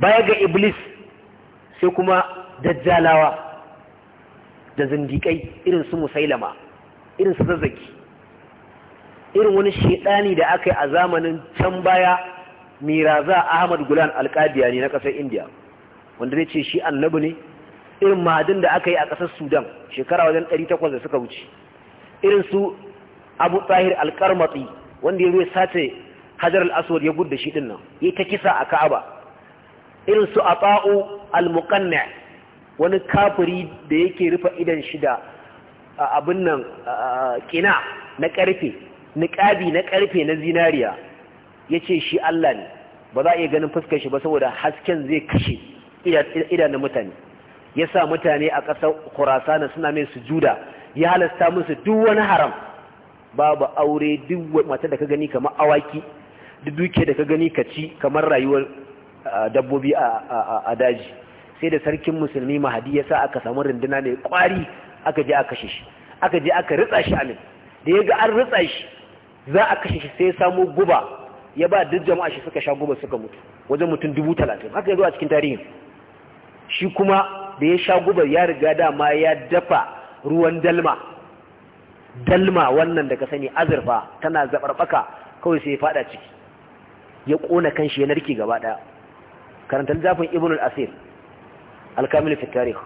baya ga iblis sai kuma dajjalawa da zindikai irin su musailama irin su zazzaki irin wani shedani da aka yi a zamanin can baya miraza ahmad gulan alkadiya ne na ƙasar india wanda zai ce shi annabi ne irin madin da aka yi a ƙasar sudan shekara wajen 800 da suka wuce irin su abu tsahir alkarmatsi wanda ya zo sace hajar al'aswar ya gudda shi dinnan ya ta kisa a ka'aba irin su a al-muqanna wani kafiri da yake rufe idan shi da abin nan kina na karfe niƙabi na karfe na zinariya yace shi Allah ne ba za a iya ganin fuskar shi ba saboda hasken zai kashe idanun mutane ya sa mutane a ƙasar kurasana suna mai sujuda ya halasta musu duk wani haram babu aure duk mata da ka gani kamar awaki duk duke da ka gani ka ci kamar rayuwar dabbobi a daji sai da sarkin musulmi mahadi ya sa aka samu runduna mai kwari aka je aka shishi aka je aka ritsa shi amin da ya ga an ritsa shi za a kashe shi sai ya samu guba ya ba duk jama'a shi suka sha guba suka mutu wajen mutum dubu talatin haka ya zo a cikin tarihin shi kuma da ya sha guba ya riga dama ya dafa ruwan dalma dalma wannan da ka sani azurfa tana zabarbaka kawai sai ya fada ciki ya ƙona kanshi ya narke gaba ɗaya Karantar zafin ibn asir alkamil fi tarikh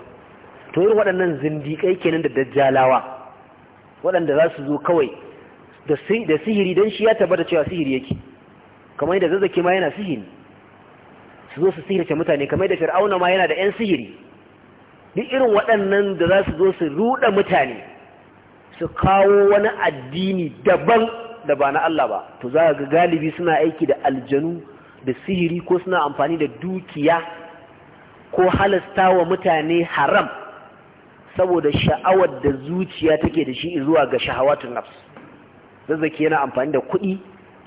to irin waɗannan zindiƙai kenan da dajjalawa waɗanda za su zo kawai da sihiri don shi ya tabbata cewa sihiri yake kamar yadda zazzake ma yana sihiri su zo su sihirce mutane kamar da fir'auna ma yana da 'yan sihiri duk irin waɗannan da za su zo su ruɗa mutane su kawo wani addini daban da ba na Allah ba to za ga galibi suna aiki da aljanu da sihiri ko suna amfani da dukiya ko halasta wa mutane haram saboda sha'awar da zuciya take da shi zuwa ga shahawatun nafsu. zazzaki yana amfani da kuɗi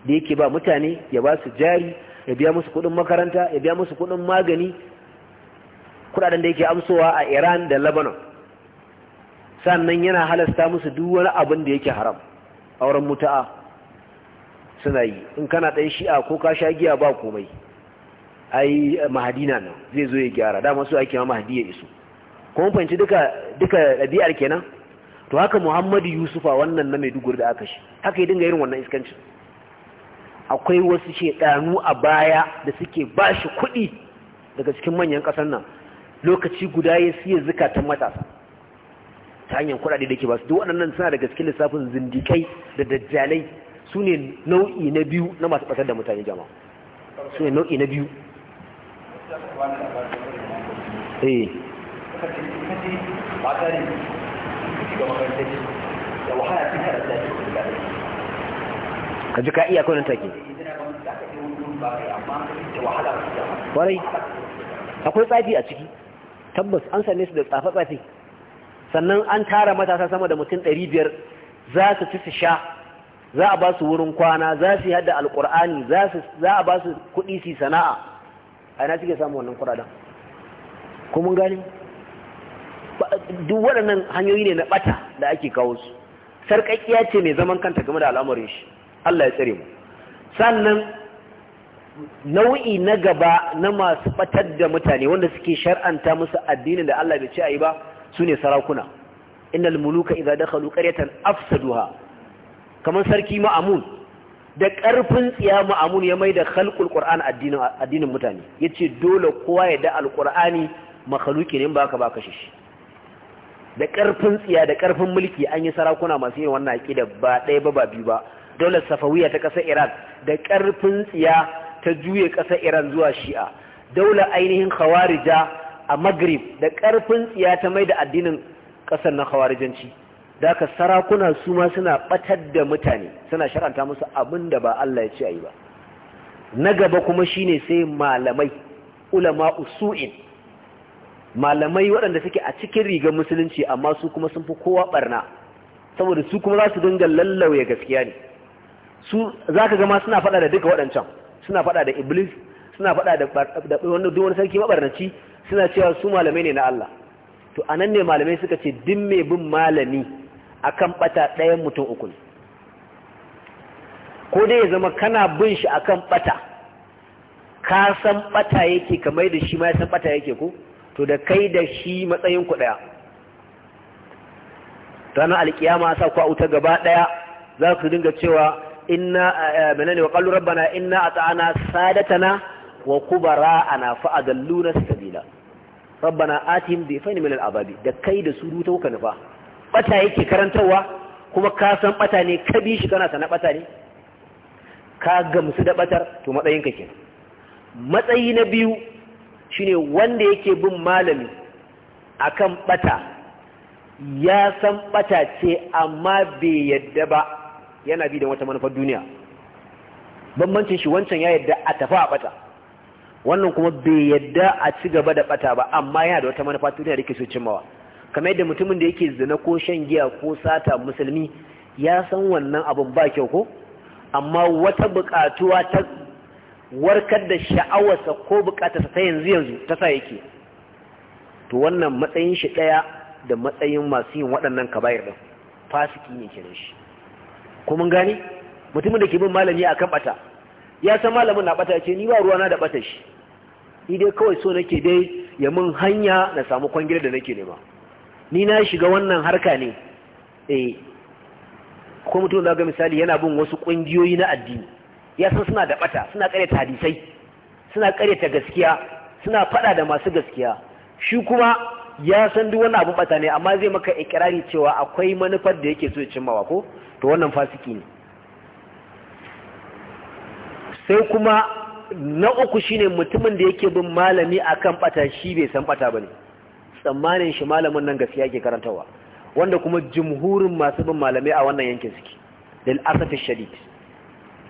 da yake ba mutane ya ba su jari ya biya musu kuɗin makaranta ya biya musu kuɗin magani kuɗaɗen da yake amsowa a iran da lebanon sannan yana halasta musu duk wani abin da yake haram auren mutu'a suna yi in kana ɗan shi'a ko ka sha giya ba komai ai mahadina nan zai zo ya gyara dama su ake ma mahadi ya iso kuma fanci duka duka ɗabi'ar kenan to haka muhammadu yusufa wannan na maiduguri da aka shi haka ya dinga irin wannan iskancin akwai wasu shedanu a baya da suke ba shi kuɗi daga cikin manyan ƙasar nan lokaci guda ya siya zukatan matasa ta hanyar kuɗaɗe da ke ba su duk waɗannan suna daga cikin lissafin zindikai da dajjalai su ne nau'i na biyu na masu ɓatar da mutane jama'a su ne nau'i na biyu Eh. Kaji ka iya kunan take kwarai akwai tsafi a ciki tabbas an same su da tsafe-tsafe sannan an tara matasa sama da mutum 500 za su ci su sha za a ba su wurin kwana za su yi hada alkur'ani za a ba su kuɗi su sana'a a ina suke samu wannan kuɗaɗen ko mun gane duk waɗannan hanyoyi ne na ɓata da ake kawo su sarƙaƙiya ce mai zaman kanta game da al'amarin shi Allah ya tsare mu sannan nau'i na gaba na masu ɓatar da mutane wanda suke shar'anta musu addinin da Allah bai ce a yi ba su ne sarakuna innal muluka idza dakhalu qaryatan afsaduha kamar sarki ma'amun da ƙarfin tsiya ma'amun ya mai da khalqul ƙuran addinin mutane ya ce dole kowa ya da alqur'ani makaluki ne ba ka ba kashe shi da ƙarfin tsiya da ƙarfin mulki an yi sarakuna masu yin wannan da ba ɗaya ba ba biyu ba dole safawiya ta ƙasar Iran da ƙarfin tsiya ta juye ƙasar Iran zuwa Shi'a Dole ainihin khawarija a Maghrib da ƙarfin tsiya ta mai da addinin ƙasar na khawarijanci da sarakuna su ma suna batar da mutane suna sharanta musu abin da ba Allah ya ce a yi ba na gaba kuma shine sai malamai ulama usu'in malamai waɗanda suke a cikin rigar musulunci amma su kuma sun fi kowa barna saboda su kuma za su dinga lallauya gaskiya ne su za ka gama suna faɗa da duka waɗancan suna faɗa da iblis suna faɗa da wani sarki mabarnaci suna cewa su malamai ne na Allah to anan ne malamai suka ce din mai bin malami akan bata ɗayan mutum uku ko dai ya zama kana bin shi akan bata ka san bata yake kamar da shi ma ya san bata yake ko to da kai da shi matsayin ku ɗaya ranar alkiyama sa ku a wuta gaba ɗaya za ku dinga cewa inna eh, eh, menene wa qallu rabbana inna ata'ana sadatana wa kubara ana fa adalluna sabila rabbana atim bi fani min al-ababi da kai da su surutu ka nufa bata yake karantarwa kuma ka san bata ne ka bi shi kana sana bata ne ka gamsu da batar to matsayin ka kenan matsayi na biyu shine wanda yake bin malami akan bata ya san bata ce amma bai yadda ba yana bi da wata manufar duniya bambancin shi wancan ya yadda a tafa a bata wannan kuma bai yadda a ci gaba da bata ba amma yana da wata manufa duniya da ke so cimmawa kamar da mutumin da yake zina ko shan giya ko sata musulmi ya san wannan abin ba kyau ko amma wata buƙatuwa ta warkar da sha'awarsa ko buƙatarsa ta yanzu yanzu ta sa yake to wannan matsayin shi ɗaya da matsayin masu yin waɗannan kabayar ɗin fasiki ne kiran shi ko mun gane mutumin da ke bin malami a kan ɓata ya san malamin na ɓata ce ni ba ruwana da ɓata shi ni dai kawai so nake dai ya mun hanya na samu kwangilar da nake nema ni na shiga wannan harka ne eh ko mutum na ga misali yana bin wasu kungiyoyi na addini ya san suna da bata suna karyata hadisai suna karyata gaskiya suna fada da masu gaskiya shi kuma ya san duk wannan abun bata ne amma zai maka ikirari cewa akwai manufar da yake so ya cimmawa ko to wannan fasiki ne sai kuma na uku shine mutumin da yake bin malami akan bata shi bai san bata bane tsammanin shi malamin nan gaskiya ke karantawa wanda kuma jumhurin masu bin malamai a wannan yankin suke lil asafi shadid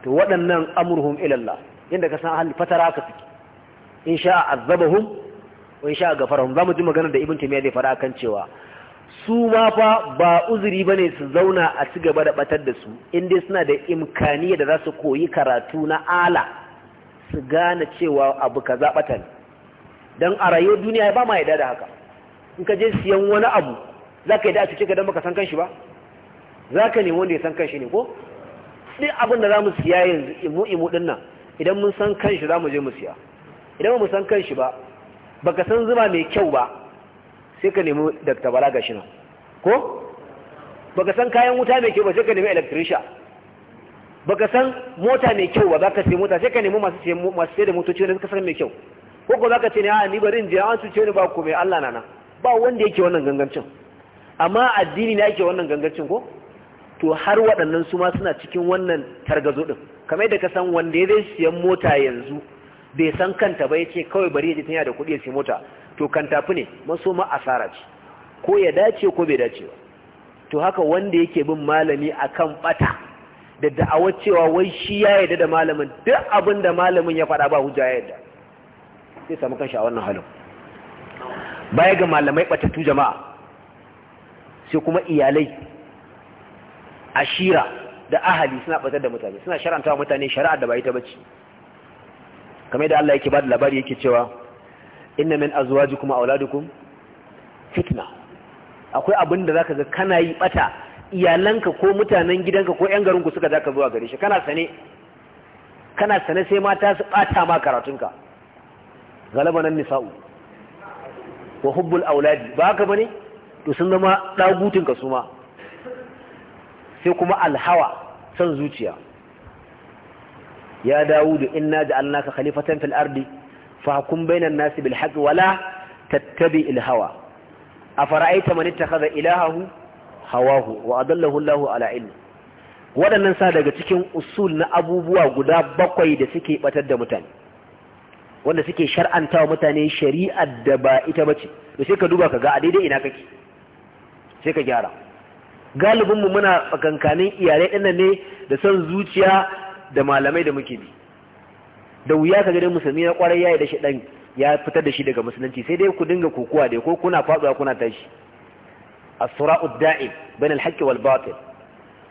to waɗannan amurhum ila Allah yanda ka san ahli fatara ka suke in azabahum wa in gafarahum zamu ji magana da ibn taymiya zai fara kan cewa su ma fa ba uzuri bane su zauna a ci gaba da batar da su in suna da imkaniya da za su koyi karatu na ala su gane cewa abu kaza batar dan a rayuwar duniya ba ma yadda da haka in ka je siyan wani abu za ka yi da a cikin ka don baka san kanshi ba za ka ne wanda ya san kanshi ne ko ɗin abin da za mu siya yanzu imu imu ɗin nan idan mun san kanshi za mu je mu siya idan ba mu san kanshi ba baka san zuba mai kyau ba sai ka nemi dakta bala gashi nan ko baka san kayan wuta mai kyau ba sai ka nemi electrician baka san mota mai kyau ba za ka sai mota sai ka nemi masu sai da motoci wanda suka san mai kyau ko ko za ka ce ne a ni bari in je an cuce ni ba ko mai Allah na nan ba wanda yake wannan gangancin amma addini ne yake wannan gangancin ko to har waɗannan su ma suna cikin wannan targazo din kamar yadda ka san wanda ya zai siyan mota yanzu bai san kanta ba yace kawai bari ya ji tana da kuɗi ya siya mota to kan tafi ne maso ma asara ce ko ya dace ko bai dace ba to haka wanda yake bin malami akan bata da da'awar cewa wai shi ya yarda da malamin duk abin da malamin ya faɗa ba hujja ya yarda sai samu kanshi a wannan halin baya ga malamai batattu jama'a sai kuma iyalai ashira da ahali suna batar da mutane suna shara'anta wa mutane shari'a da ba ita bace kamar da Allah yake ba da labari yake cewa inna min azwajikum auladukum fitna akwai abin da zaka ga kana yi bata iyalanka ko mutanen gidanka ko yan garinku suka zaka zuwa gare shi kana sane kana sane sai mata su bata ma karatunka Galaba nan nisa'u wa hubbul auladi ba haka bane to sun zama dagutun ka su ma sai kuma alhawa san zuciya ya dawudu inna ja'alnaka khalifatan fil ardi fahkum bainan nasi bil haqq wala tattabi al hawa afara'aita man ittakhadha ilahahu hawahu wa adallahu Allahu ala waɗannan sa daga cikin usul na abubuwa guda bakwai da suke batar da mutane wanda suke shar'anta wa mutane shari'ar da ba ita ba ce sai ka duba ka ga a daidai ina kake sai ka gyara mu muna kankanin iyalai dinnan ne da son zuciya da malamai da muke bi da wuya ka gare musulmi na kwarai ya yi da shi ɗan ya fitar da shi daga musulunci sai dai ku dinga kokowa dai ko kuna faɗuwa kuna tashi as-sura'u da'im bain al-haqqi wal batil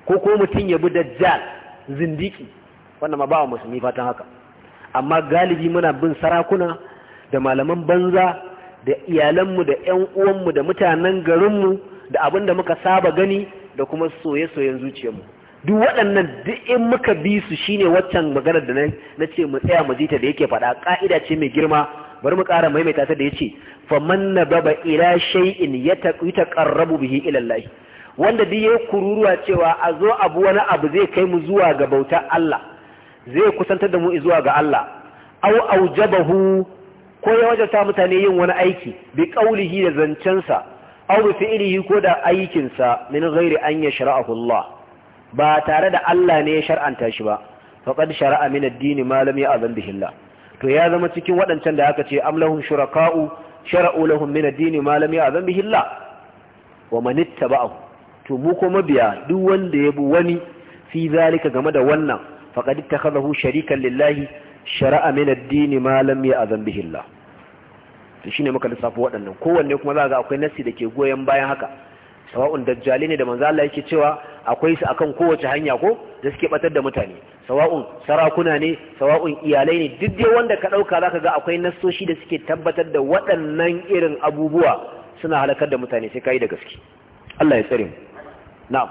ko ko mutun ya bi dajjal zindiki wannan ma ba musulmi fatan haka amma galibi muna bin sarakuna da malaman banza da iyalanmu da 'yan uwanmu da mutanen garinmu da abin da muka saba gani da kuma soye-soyen zuciyarmu duk waɗannan duk in muka bi su shine waccan maganar da na ce mu tsaya mu da yake faɗa ƙa'ida ce mai girma bari mu ƙara maimaita ta da ya ce faman na baba ila shay'in ya taƙarrabu bihi ilallahi wanda duk ya kururuwa cewa a zo abu wani abu zai kai mu zuwa ga bautar Allah zai kusantar da mu zuwa ga Allah au aujabahu ko ya wajabta mutane yin wani aiki bi qaulihi da zancensa au bi fi'lihi ko da aikinsa min ghairi an yashra'ahu Allah ba tare da Allah ne ya shar'anta shi ba faqad shara'a min ad-din ma lam ya'zan bihi Allah to ya zama cikin waɗancan da aka ce amlahum shuraka'u shara'u lahum min ad-din ma lam ya'zan bihi Allah wa man ittaba'ahu to mu ko mabiya duk wanda ya bi wani fi zalika game da wannan faqad ittakhadahu sharikan lillahi shara'a min ad-din ma lam ya'zan bihi shine muka lissafo waɗannan kowanne kuma za ga akwai nasi da ke goyon bayan haka sawa'un dajjali ne da manzo Allah yake cewa akwai su akan kowace hanya ko da suke batar da mutane sawa'un sarakuna ne sawa'un iyalai ne duk dai wanda ka dauka zaka ga akwai nassoshi da suke tabbatar da waɗannan irin abubuwa suna halakar da mutane sai kai da gaske Allah ya tsare mu na'am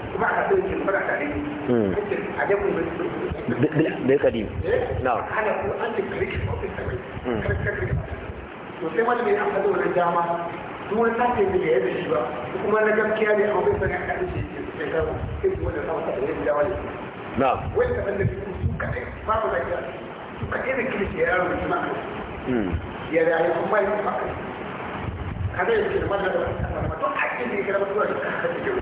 بالقديم نعم hmm. eh? hmm. to sai wani mai amfani wani dama duk wani sake da ya yi shi ba kuma na gaskiya ne a wani a kan shi ke gaba sai kuma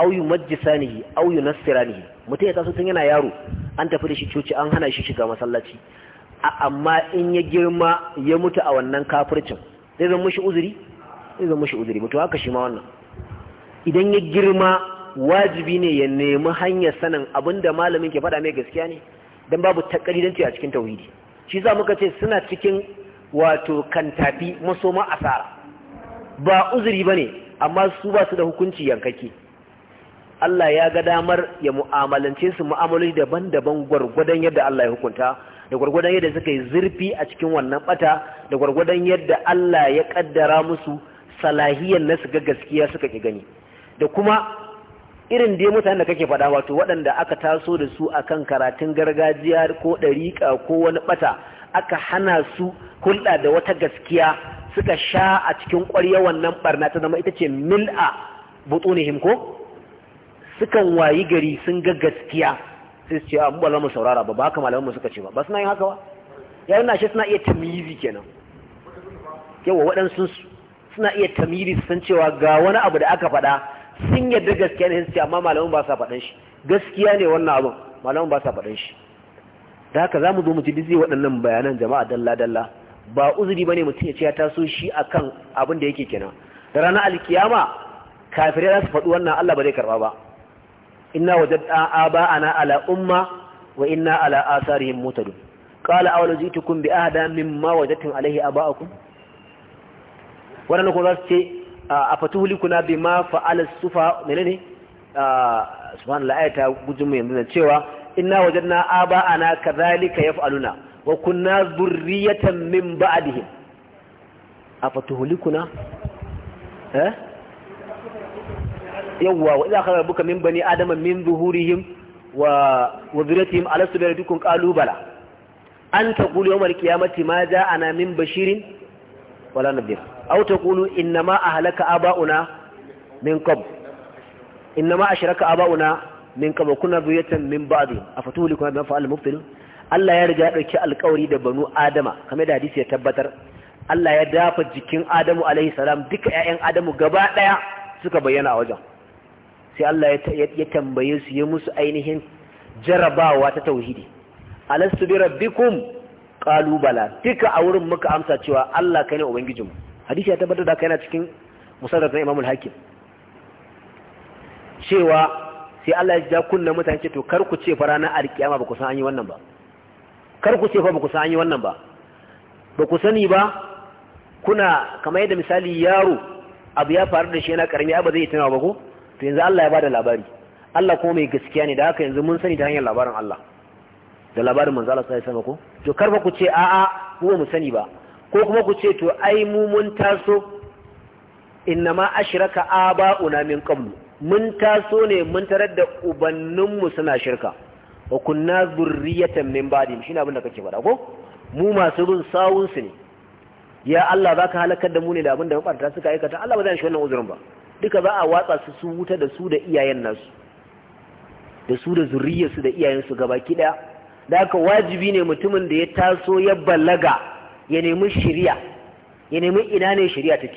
au yumajjisanihi au nasiranihi mutum ya taso tun yana yaro an tafi da shi coci an hana shi shiga masallaci amma in ya girma ya mutu a wannan kafircin zai zama shi uzuri zai zama shi uzuri mutu haka shi ma wannan idan ya girma wajibi ne ya nemi hanyar sanin da malamin ke faɗa mai gaskiya ne don babu takalidanci a cikin tauhidi shi za muka ce suna cikin wato kan tafi maso asara ba uzuri ba ne amma su ba su da hukunci yankake Allah ya ga damar ya mu'amalance su mu'amaloli daban-daban gwargwadon yadda Allah ya hukunta da gwargwadon yadda suka yi zurfi a cikin wannan bata da gwargwadon yadda Allah ya kaddara musu salahiyar na su ga gaskiya suka ki gani da kuma irin dai mutanen da kake faɗa wato waɗanda aka taso da su akan karatun gargajiya ko ɗariƙa ko wani bata aka hana su hulɗa da wata gaskiya suka sha a cikin ƙwarya wannan barna ta zama ita ce mil'a butunihim ko sukan wayi gari sun ga gaskiya sai su ce a ah, mubala mu saurara ba ba haka malaman mu suka ce ba ba suna yin haka ba yayin na shi suna iya tamyizi kenan yawa waɗansu suna iya su san cewa ga wani abu da aka faɗa sun yadda gaskiya ne sai amma malaman ba sa faɗan shi gaskiya ne wannan abu malaman ba sa faɗan shi da haka zamu zo mu ji dizi waɗannan bayanan jama'a dalla dalla ba uzuri bane mutum ya ce ya taso shi akan abin da yake kenan da ranar alkiyama kafirai za su faɗi wannan Allah ba zai karba ba inna wajadna aba'ana ala umma wa inna ala atharihim mutadun qala aw laji'tukum bi ahda mimma wajadtum alayhi aba'akum wannan ko za su ce a fatuhuli kuna bima fa'ala sufa menene subhanallah ayata gujin mu yanzu cewa inna wajadna aba'ana kadhalika yaf'aluna wa kunna dhurriyatan min ba'dihim afatuhulikuna eh yawwa wa idza khara buka min bani adama min zuhurihim wa wa dhurriyyatihim alastu bi rabbikum qalu bala an taqulu yawmal qiyamati ma ja'ana min bashirin wala nadhir aw taqulu inna ma ahlaka aba'una min qabl inna ma ashraka aba'una min qabl kunna dhurriyyatan min ba'di afatuhu likum ma fa'al mubtil Allah ya riga ya dauki alƙawari da banu adama kamar da hadisi ya tabbatar Allah ya dafa jikin Adamu alaihi salam duka ƴaƴan Adamu gaba ɗaya suka bayyana a wajen sai Allah ya tambaye su ya musu ainihin jarabawa ta tauhidi alastu bi rabbikum qalu bala duka a wurin muka amsa cewa Allah kai ne ubangijinmu hadisi ya tabbatar da yana cikin musaddar Imam al-Hakim cewa sai Allah ya ja kunna mutane ce to kar ku ce fa ranar alkiyama ba ku san an yi wannan ba kar ku ce fa ba ku san an yi wannan ba ba ku sani ba kuna kamar yadda misali yaro abu ya faru da shi yana karami abu zai tunawa ba ko to yanzu Allah ya bada labari Allah kuma mai gaskiya ne da haka yanzu mun sani ta hanyar labarin Allah da labarin manzo Allah sai sama ko to karba ku ce a'a ku mu sani ba ko kuma ku ce to ai mu mun taso innama ashraka aba'una min qablu mun taso ne mun tarar da ubanninmu suna shirka wa kunna zurriyatan min ba'dihim shine abin da kake faɗa ko mu masu bin sawun su ne ya Allah zaka halakar da mu ne da abin da mabarta suka aikata Allah ba zai shi wannan uzurin ba duka za a watsa su su wuta da su da iyayen nasu da su da zuriyarsu da iyayensu gaba daya da aka wajibi ne mutumin da ya taso ya balaga ya nemi shari'a ya nemi ina ne shari'a take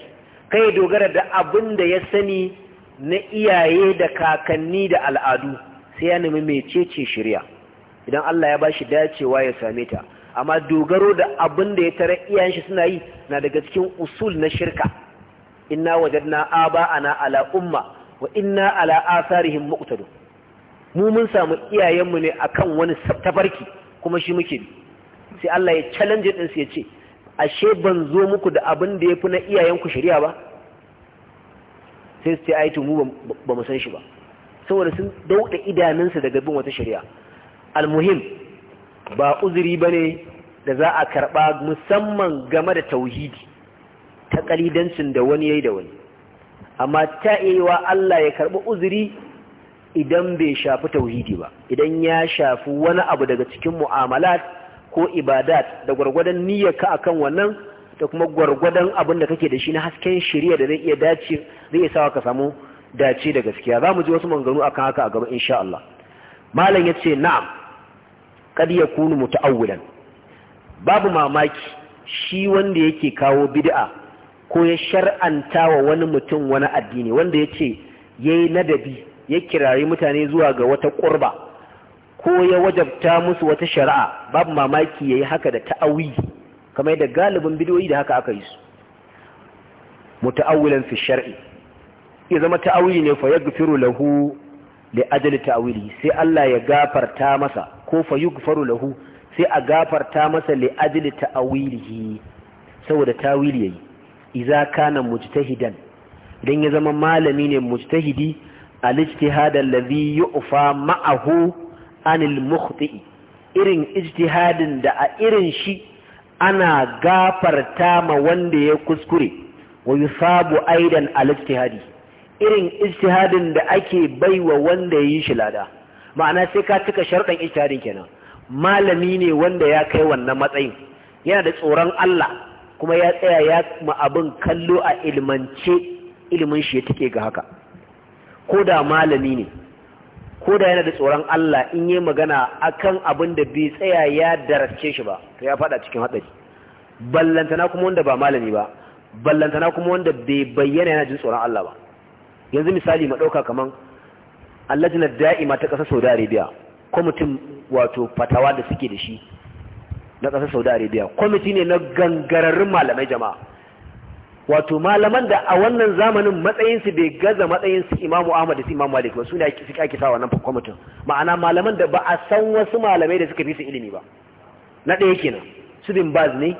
kai dogara da abin da ya sani na iyaye da kakanni da al'adu sai ya nemi mecece shari'a idan Allah ya bashi dacewa ya same ta amma dogaro da abin da ya tara iyayen shi suna yi na daga cikin usul na shirka inna wajadna aba'ana ala umma wa inna ala asarihim muqtadu mu mun samu iyayenmu ne akan wani tafarki kuma shi muke bi sai Allah ya challenge din su ya ce ashe ban zo muku da abin da yafi na iyayenku shari'a ba sai sai mu ba mu san shi ba saboda sun dauda idanunsa daga bin wata shari'a almuhim ba uzuri bane da za a karba musamman game da tauhidi taƙalidancin da wani ya yi da wani amma ta yiwa Allah ya karɓi uzuri idan bai shafi tauhidi ba idan ya shafi wani abu daga cikin mu'amalat ko ibadat da gwargwadon niyyarka akan wannan da kuma gwargwadon abin da kake da shi na hasken shirya da zai iya dace zai iya sawa ka samu dace da gaskiya za mu ji wasu manganu akan haka a gaba insha Allah malam yace na'am kad yakunu muta'awwilan babu mamaki shi wanda yake kawo bid'a ko ya shar'anta wa wani mutum wani addini wanda ya ce ya yi nadabi ya kirari mutane zuwa ga wata ƙurba ko ya wajabta musu wata shari'a babu mamaki ya yi haka da ta'awi kamar yadda galibin bidiyoyi da haka aka yi su mutu'awilan fi shar'i ya zama ta'awili ne fa firu lahu da ajali ta'awili. sai Allah ya gafarta masa ko fa yughfaru lahu sai a gafarta masa li saboda tawili yayi iza kana mujtahidan idan ya zama malami ne mujtahidi al-ijtihad alladhi yu'fa ma'ahu anil mukhti irin ijtihadin da a irin shi ana gafarta ma wanda ya kuskure wa yusabu aidan al-ijtihadi irin ijtihadin da ake baiwa wanda yayi shilada, ma'ana sai ka cika sharɗan ijtihadin kenan malami ne wanda ya kai wannan matsayin yana da tsoron Allah kuma ya tsaya ya ma abin kallo a ilmance ilimin shi take ga haka ko da malami ne ko da yana da tsoron Allah in yi magana akan abin da bai tsaya ya darasce shi ba to ya fada cikin hatsari ballantana kuma wanda ba malami ba ballantana kuma wanda bai bayyana yana jin tsoron Allah ba yanzu misali ma dauka kaman Allah da'ima ta kasar Saudi Arabia ko mutum wato fatawa da suke da shi na ƙasar saudi arabia kwamiti ne na gangararrun malamai jama'a wato malaman da a wannan zamanin matsayinsu bai gaza matsayinsu imamu ahmad da imamu malik ba su ne ake ake sa wannan kwamitin ma'ana malaman da ba a san wasu malamai da suka fi su ilimi ba na ɗaya kenan su bin baz ne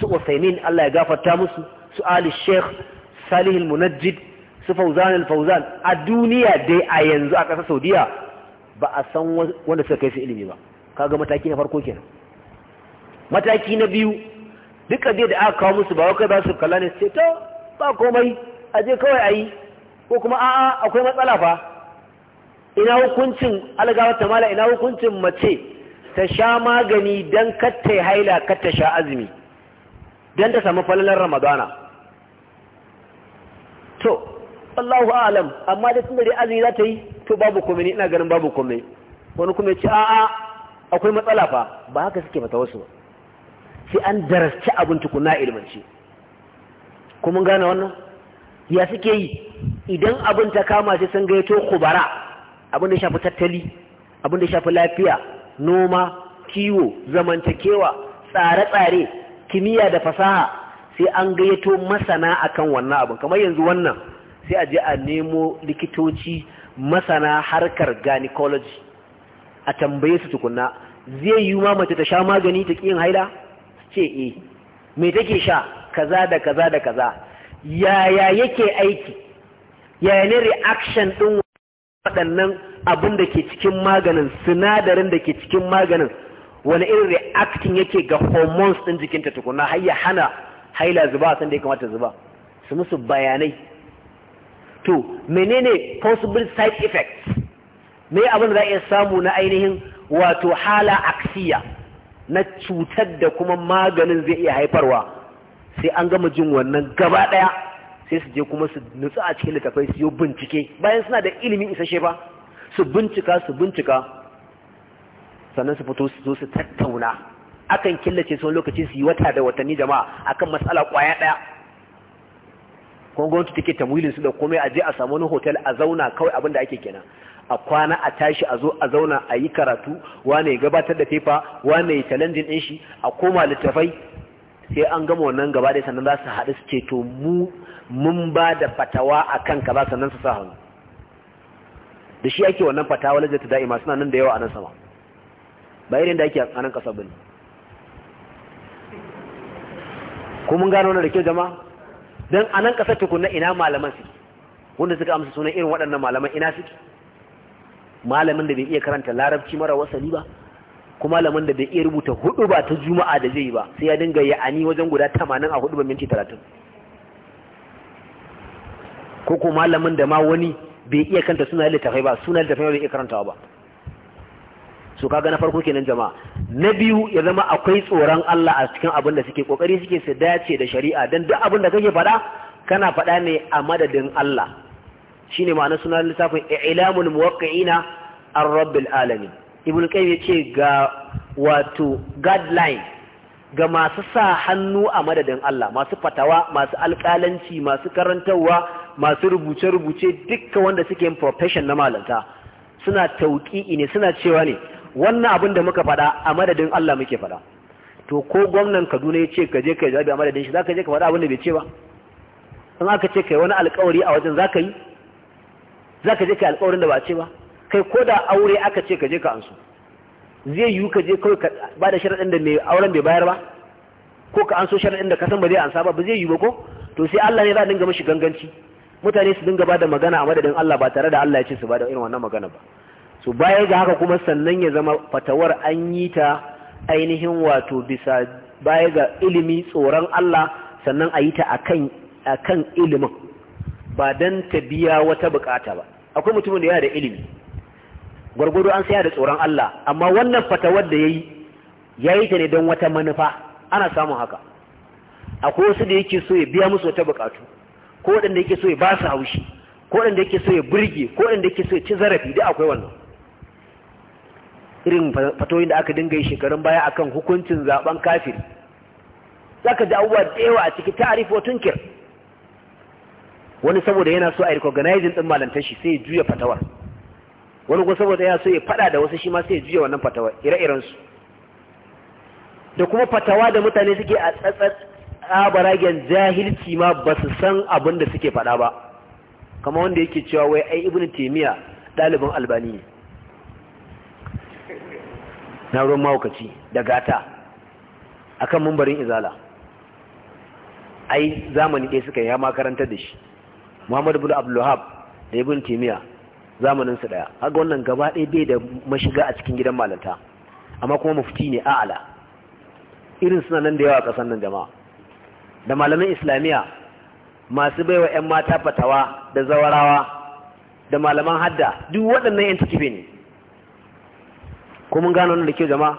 su usaimin allah ya gafarta musu su ali sheikh salih munajjid su fauzan al-fauzan a duniya dai a yanzu a ƙasar saudiya ba a san wanda suka kai su ilimi ba kaga mataki na farko kenan mataki na biyu duk abin da aka kawo musu ba kai ba su kalla ne sai ta ba komai a je kawai a yi ko kuma a'a akwai matsala fa ina hukuncin algawa ta mala ina hukuncin mace ta sha magani don katta haila katta sha azumi don ta samu falalar ramadana to Allahu alam amma da tunda dai azumi za ta yi to babu komai ina ganin babu komai wani kuma ya ce a'a akwai matsala fa ba haka suke mata wasu ba sai an darasci abin tukuna ilmance kuma gane wannan ya suke yi idan abin ta kama sai sun gaito kubara abin da shafi tattali abin da shafi lafiya noma kiwo zamantakewa tsare-tsare kimiyya da fasaha sai an gaito masana akan wannan abin kamar yanzu wannan sai a je a nemo likitoci masana harkar gynecology a tambaye su tukuna zai yi ma mace ta sha magani ta ƙi yin haila ce eh me take sha kaza da kaza da kaza yaya yake aiki yaya ne reaction ɗin waɗannan abin da ke cikin maganin sinadarin da ke cikin maganin wani irin reaction yake ga hormones ɗin jikinta tukuna har ya hana haila zuba san da ya kamata zuba su musu bayanai to menene possible side effects me abin da za a iya samu na ainihin wato hala aksiya na cutar da kuma maganin zai iya haifarwa sai an gama jin wannan gaba ɗaya sai su je kuma su nutsu a cikin littafai su yi bincike bayan suna da ilimin isasshe ba su bincika su bincika sannan su fito su zo su tattauna akan killace sun lokaci su yi wata da watanni jama'a akan matsala kwaya ɗaya kuma gwamnati take tamwilin su da komai a je a samu wani hotel a zauna kawai abin da ake kenan a kwana a tashi a zo a zauna a yi karatu wane ya gabatar da fefa wane ya challenging din shi a koma littafai sai an gama wannan gaba da sannan za su haɗu su ce to mu mun ba da fatawa a kan kaza sannan su sa hannu da shi ake wannan fatawa lajar ta da'ima suna nan da yawa a nan sama ba irin da ake a nan ƙasa bane ko mun gano wannan da kyau jama'a dan a nan ƙasar tukunna ina malaman su wanda suka amsa sunan irin waɗannan malaman ina suke malamin da bai iya karanta larabci mara wasali ba ko malamin da bai iya rubuta hudu ba ta juma'a da zai yi ba sai ya dinga ya'ani wajen guda tamanin a hudu ba minti talatin ko ko malamin da ma wani bai iya kanta suna littafai ba suna littafai bai iya karantawa ba so kaga na farko kenan jama'a na biyu ya zama akwai tsoron Allah a cikin abin da suke kokari suke su dace da shari'a dan duk abin da kake faɗa kana faɗa ne a madadin Allah shine ma'ana suna littafin ilamul muwaqqi'ina ar rabbil alamin ibn ya yace ga wato guideline ga masu sa hannu a madadin Allah masu fatawa masu alƙalanci masu karantarwa masu rubuce-rubuce dukkan wanda suke yin profession na malanta suna tauƙi'i ne suna cewa ne wannan abin da muka faɗa a madadin Allah muke faɗa to ko gwamnan Kaduna ya ce ka je ka jawabi a madadin shi zaka je ka faɗa abin da bai ce ba in aka ce kai wani alƙawari a wajen zaka yi za ka je ka alƙawarin da ba ce ba kai ko da aure aka ce ka je ka ansu zai yiwu ka je kawai ka ba da sharaɗin da mai auren bai bayar ba ko ka anso sharaɗin da ka san ba zai ansa ba ba zai yiwu ba ko to sai Allah ne za a dinga mashi ganganci mutane su dinga ba da magana a madadin Allah ba tare da Allah ya ce su ba da irin wannan magana ba so baya ga haka kuma sannan ya zama fatawar an yi ta ainihin wato bisa baya ga ilimi tsoron Allah sannan a yi ta akan akan ilimin ba dan ta biya wata bukata ba akwai mutumin da yana da ilimi gwargwado an saya da tsoron Allah amma wannan fatawar da yayi yayi ta ne don wata manufa ana samun haka akwai wasu da yake so ya biya musu wata bukatu ko wanda yake so ya ba su haushi ko wanda yake so ya burge ko wanda yake so ya ci zarafi da akwai wannan irin fatoyin da aka dinga yi shekarun baya akan hukuncin zaben kafiri zaka ji abubuwa da yawa a ciki ta'arifotun tunkir wani saboda yana so a recognizing din malantar shi sai ya juya fatawar wani kuma saboda yana so ya fada da wasu shi ma sai ya juya wannan fatawar ire-iren su da kuma fatawa da mutane suke a abaragen jahilci ma ba su san abin da suke fada ba kama wanda yake cewa wai ai ibn taimiyya ɗalibin albani ne na ruwan mahaukaci da gata akan mambarin izala ai zamani ɗaya suka yi ya makarantar da shi Muhammadu ibn abdulhab da ibn timiya zamanin su daya haka wannan gaba ɗaya bai da mashiga a cikin gidan malanta amma kuma mufti ne a'ala irin suna nan da yawa a ƙasar nan jama'a da malaman islamiyya masu bai wa 'yan mata fatawa da zawarawa da malaman hadda duk waɗannan 'yan tikibe ne ko mun gano da ke zama?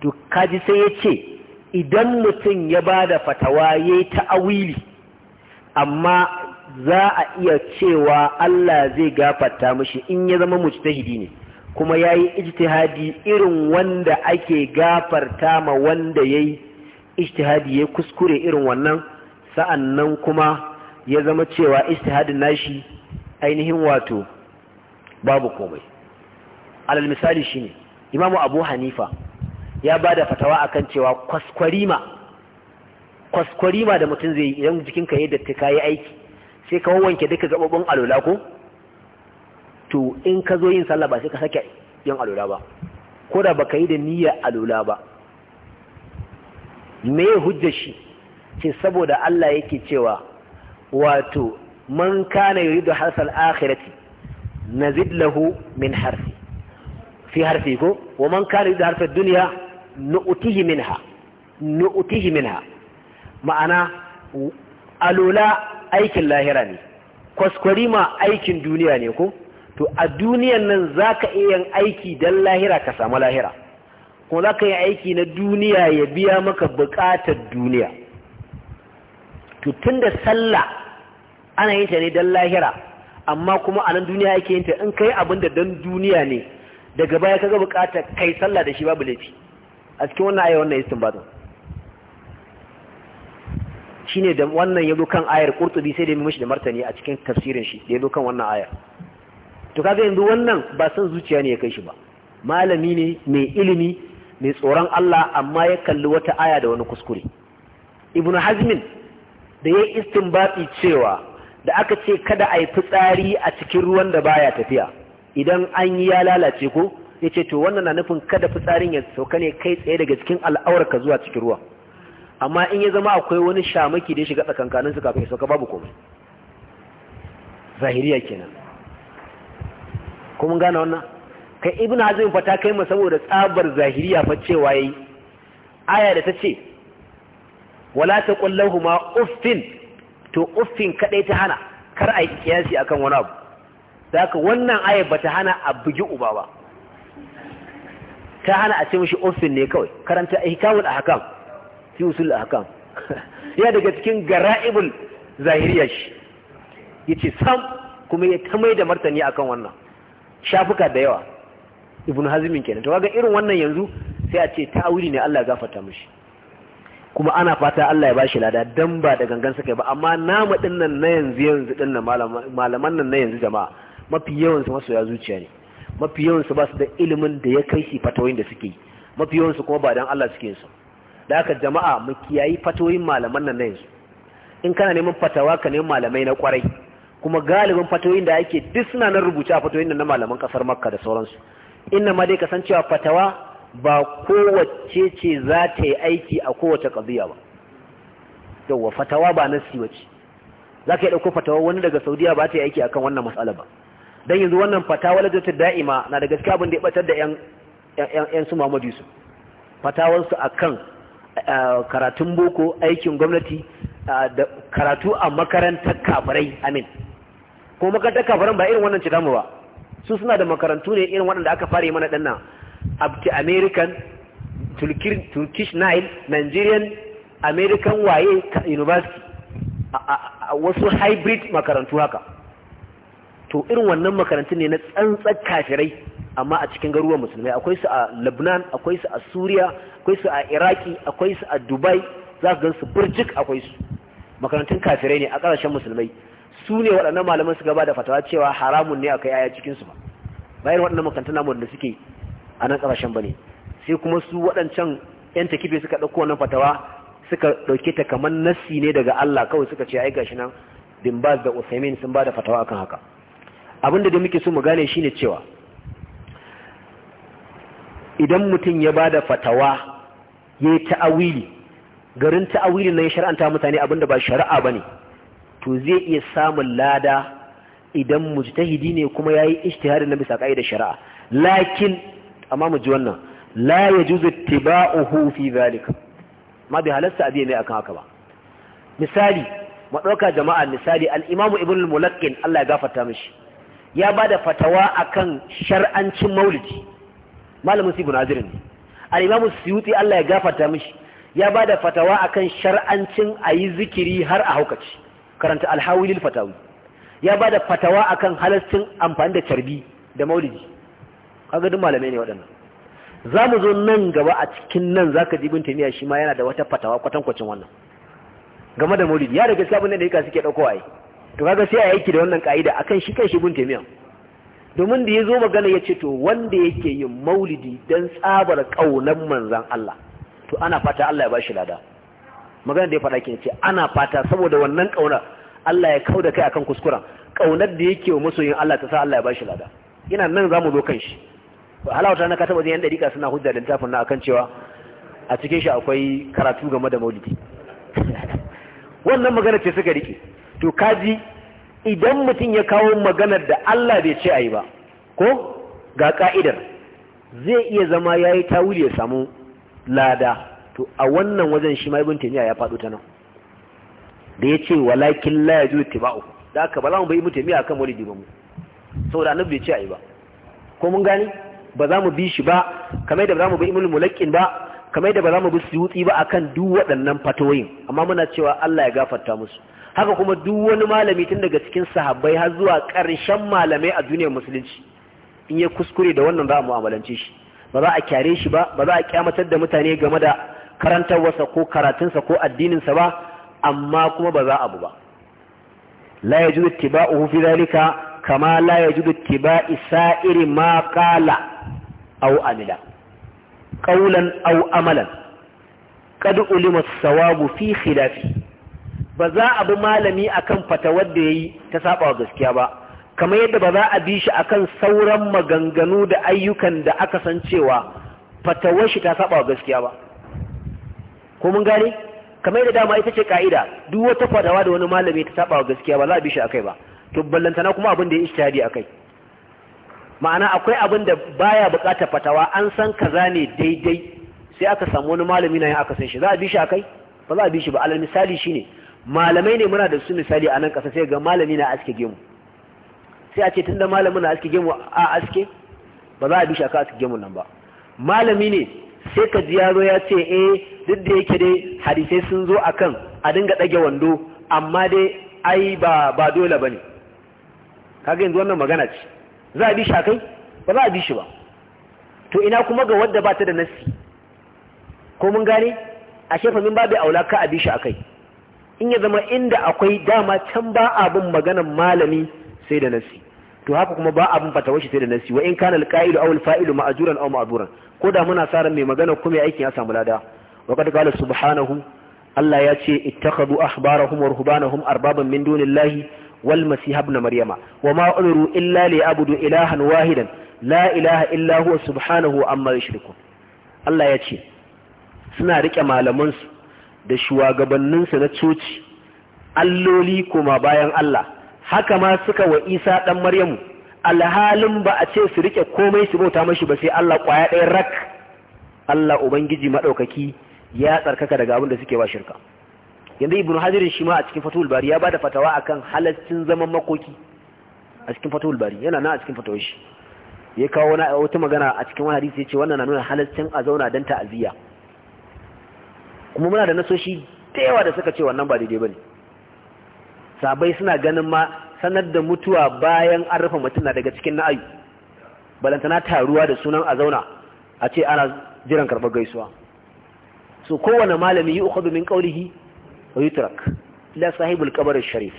to kaji sai ya ce idan mutum ya ba da fatawa ya yi ta'awili amma za a iya cewa Allah zai gafarta mashi in ya zama mujtahidi ne kuma yayi ijtihadi irin wanda ake gafarta ma wanda yayi ijtihadi ya kuskure irin wannan sa'annan kuma ya zama cewa ijtihadin nashi ainihin wato babu komai alal misali shine imamu abu hanifa ya bada fatawa akan cewa kwaskwarima kwaskwarima da mutum zai yi idan jikinka ya datti kayi aiki sai ka wanke duka gababin alola ko to in ka zo yin sallah ba sai ka sake yin alola ba ko da baka yi da niyya alola ba me hujja shi ce saboda Allah yake cewa wato man kana yuridu harsal akhirati nazid lahu min harfi fi harfi ko wa man kana yuridu harsal dunya nu'tihi minha nu'tihi minha ma'ana alola. aikin lahira ne kwaskwari ma aikin duniya ne ko to a duniyan nan za ka iya yin aiki don lahira ka samu lahira kuma za ka yi aiki na duniya ya biya maka bukatar duniya to tun da sallah ana yin ta ne don lahira amma kuma a nan duniya ake yin ta in ka yi abin da don duniya ne daga baya ka ga buƙatar kai sallah da shi babu laifi a cikin wannan ayyar wannan istin batun Shi ne da wannan yazo kan ayar qurtubi sai da mishi da martani a cikin tafsirin shi da yazo kan wannan ayar to kaga yanzu wannan ba san zuciya ne ya kai shi ba malami ne mai ilimi mai tsoron Allah amma ya kalli wata aya da wani kuskure ibnu hazmin da yayi istinbati cewa da aka ce kada a yi fitsari a cikin ruwan da baya tafiya idan an yi ya lalace ko ya ce to wannan na nufin kada fitsarin ya sauka ne kai tsaye daga cikin al'aurarka zuwa cikin ruwan amma in ya zama akwai wani shamaki da ya shiga tsakankanin su kafin sauka babu komai zahiriya kenan kuma gane wannan kai ibn hazm fa ta kai ma saboda tsabar zahiriya fa cewa yayi aya da ta ce wala taqul uffin to uffin kaɗai ta hana kar a yi kiyasi akan wani abu ka wannan aya bata hana a bugi uba ba ta hana a ce mishi uffin ne kawai karanta a ahkam fi usul ahkam ya daga cikin gara'ibul zahiriya shi ce sam kuma ya ta da martani akan wannan shafuka da yawa ibn hazimin kenan to ga irin wannan yanzu sai a ce ta'awili ne Allah ya gafarta mishi kuma ana fata Allah ya bashi lada dan ba da gangan suka ba amma namu din nan na yanzu yanzu din nan malaman nan na yanzu jama'a mafi yawan su masoya zuciya ne mafi yawan su ba su da ilimin da ya kai shi fatawoyin da suke yi mafi yawan su kuma ba dan Allah suke yin su da aka jama'a mu kiyayi fatoyin malaman nan na yanzu in kana neman fatawa ka neman malamai na kwarai kuma galibin fatoyin da ake duk suna nan rubuce a fatoyin nan na malaman kasar makka da sauransu inna ma dai kasancewa fatawa ba kowace ce za ta yi aiki a kowace ƙabiya ba wa fatawa ba na ce. za ka yi ɗauko fatawa wani daga saudiya ba ta yi aiki akan wannan matsala ba dan yanzu wannan fatawa lajata da'ima na da gaske abin da ya batar da 'yan su mamadu su fatawarsu akan karatun boko aikin gwamnati da karatu a makarantar kafirai amin ko makarantar kafirai ba irin wannan ce damu ba su suna da makarantu ne irin waɗanda aka fara yi mana danna abti american turkish nile nigerian american waye university wasu hybrid makarantu haka to irin wannan makarantu ne na tsantsar kafirai amma a cikin garuruwan musulmai akwai su a Lebanon akwai su a Suriya akwai su a Iraki akwai su a Dubai za ka gansu burjik akwai su makarantun kafirai ne a ƙasashen musulmai su ne waɗannan malaman suka ba da fatawa cewa haramun ne akai aya cikin su ba bayan waɗannan makarantun namu da suke a nan ƙasashen bane sai kuma su waɗancan yan takife suka ɗauko wannan fatawa suka ɗauke ta kamar nassi ne daga Allah kawai suka ce ai gashi nan Dimbaz da Usaimin sun ba da fatawa akan haka abinda da muke so mu gane shine cewa idan mutum ya ba da fatawa ya yi ta'awili garin ta'awili na ya shar'anta mutane abinda ba shari'a bane to zai iya samun lada idan mujtahidi ne kuma yayi ijtihadin na bisa da shari'a lakin amma mu ji wannan la yajuzu ittiba'uhu fi zalika ma bi halasta biya mai akan haka ba misali mu jama'a misali al-imamu ibn al-mulaqqin Allah ya gafarta mishi ya da fatawa akan shar'ancin maulidi malamin su ibn azir ne al-imamu suyuti Allah ya gafarta mishi ya ba da fatawa kan shar'ancin yi zikiri har a haukaci karanta alhawilil fatawi ya ba da fatawa kan halastin amfani da carbi da maulidi kaga duk malamai ne waɗannan za mu zo nan gaba a cikin nan za ka jibin taimiyya shi ma yana da wata fatawa kwatankwacin wannan game da maulidi ya da gaskiya abin da ke suke ɗauko a yi to kaga sai a yaki da wannan ka'ida kan shi kan shi bin taimiyya domin da ya zo magana ya ce to wanda yake yin maulidi don tsabar ƙaunar manzan Allah to ana fata Allah ya ba shi lada magana da ya faɗa ke ce ana fata saboda wannan ƙaunar Allah ya kau da kai akan kuskuren ƙaunar da yake wa masoyin Allah ta sa Allah ya ba shi lada ina nan za mu zo kan shi halawata na ka taɓa yan ɗariƙa suna hujja da littafin na akan cewa a cikin shi akwai karatu game da maulidi wannan magana ce suka rike to kaji idan mutum ya kawo maganar da Allah bai ce a ba ko ga ka'idar zai iya zama ya yi tawuli ya samu lada to a wannan wajen shi ma ibn taymiya ya faɗo ta nan da ya ce walakin la yaju tiba'u da aka ba za mu bai ibn taymiya akan wani ba mu saboda annabi bai ce ayi ba ko mun gani ba za mu bi shi ba kamar da ba za mu bi ibn mulakin ba kamar da ba za mu bi suyuti ba akan duk waɗannan fatoyin amma muna cewa Allah ya gafarta musu haka kuma duk wani malami tun daga cikin sahabbai har zuwa ƙarshen malamai a duniyar musulunci in ya kuskure da wannan za a mu'amalance shi ba za a kyare shi ba ba za a kyamatar da mutane game da karantar karantarwarsa ko karatunsa ko addininsa ba amma kuma ba za a bu ba la yajuzu uhu fi zalika kama la yajuzu ittiba'i sa'iri ma qala aw amila qawlan aw amalan kad ulima sawabu fi khilafi ba za a bi malami akan fatawar da yi ta saba wa gaskiya ba kamar yadda ba za a bi shi akan sauran maganganu da ayyukan da aka san cewa fatawar shi ta saba wa gaskiya ba ko mun gane kamar yadda dama ita ce ka'ida duk wata fatawa da wani malami ta saba wa gaskiya ba za a bi shi akai ba to ballantana kuma abin da ya ishtihadi akai ma'ana akwai abin da baya bukatar fatawa an san kaza ne daidai sai aka samu wani malami na yin aka san shi za a bi shi akai ba za a bi shi ba alal misali shine malamai ne muna da su misali a nan ƙasa sai ga malami na aske gemu sai a ce tun da malamin na aske gemu a aske ba za a bi shaka aske gemu nan ba malami ne sai ka ji yaro ya ce eh duk da yake dai hadisai sun zo akan a dinga ɗage wando amma dai ai ba ba dole bane kaga yanzu wannan magana ce za a bi shakai ba za a bi shi ba to ina kuma ga wadda ba ta da nassi ko mun gane a shefa min babu aula ka a bi shi akai in ya zama inda akwai dama can ba abin maganan malami sai da nasi to haka kuma ba abin fata shi sai da nasi wa in kana alqa'ilu aw alfa'ilu ma'juran aw ma'duran ko da muna sa ran mai magana kuma aikin ya samu lada wa kad qala subhanahu Allah ya ce ittakhadhu ahbarahum wa ruhbanahum arbaban min dunillahi wal masih ibn maryama wa ma umiru illa liya'budu ilahan wahidan la ilaha illa huwa subhanahu amma yushrikun Allah ya ce suna rike malamansu da shugabanninsa na coci alloli kuma bayan Allah haka ma suka wa Isa ɗan Maryamu alhalin ba a ce su rike komai su bauta mashi ba sai Allah kwaya ɗaya rak Allah ubangiji madaukaki ya tsarkaka daga abin da suke ba shirka yanzu ibnu hajirin shi ma a cikin fatul bari ya bada fatawa akan halaccin zaman makoki a cikin fatul bari yana nan a cikin fatawar shi ya kawo wani wata magana a cikin wani hadisi ya ce wannan na nuna halaccin a zauna dan ta'aziyya kuma muna da nasoshi tewa da suka ce wannan ba daidai ba ne. sabai suna ganin ma sanar da mutuwa bayan an rufe mutum na daga cikin na'ayi balantana taruwa da sunan a zauna a ce ana jiran karɓar gaisuwa so kowane malami yi domin ƙaurihi a yi turak ila sahibul ƙabar sharif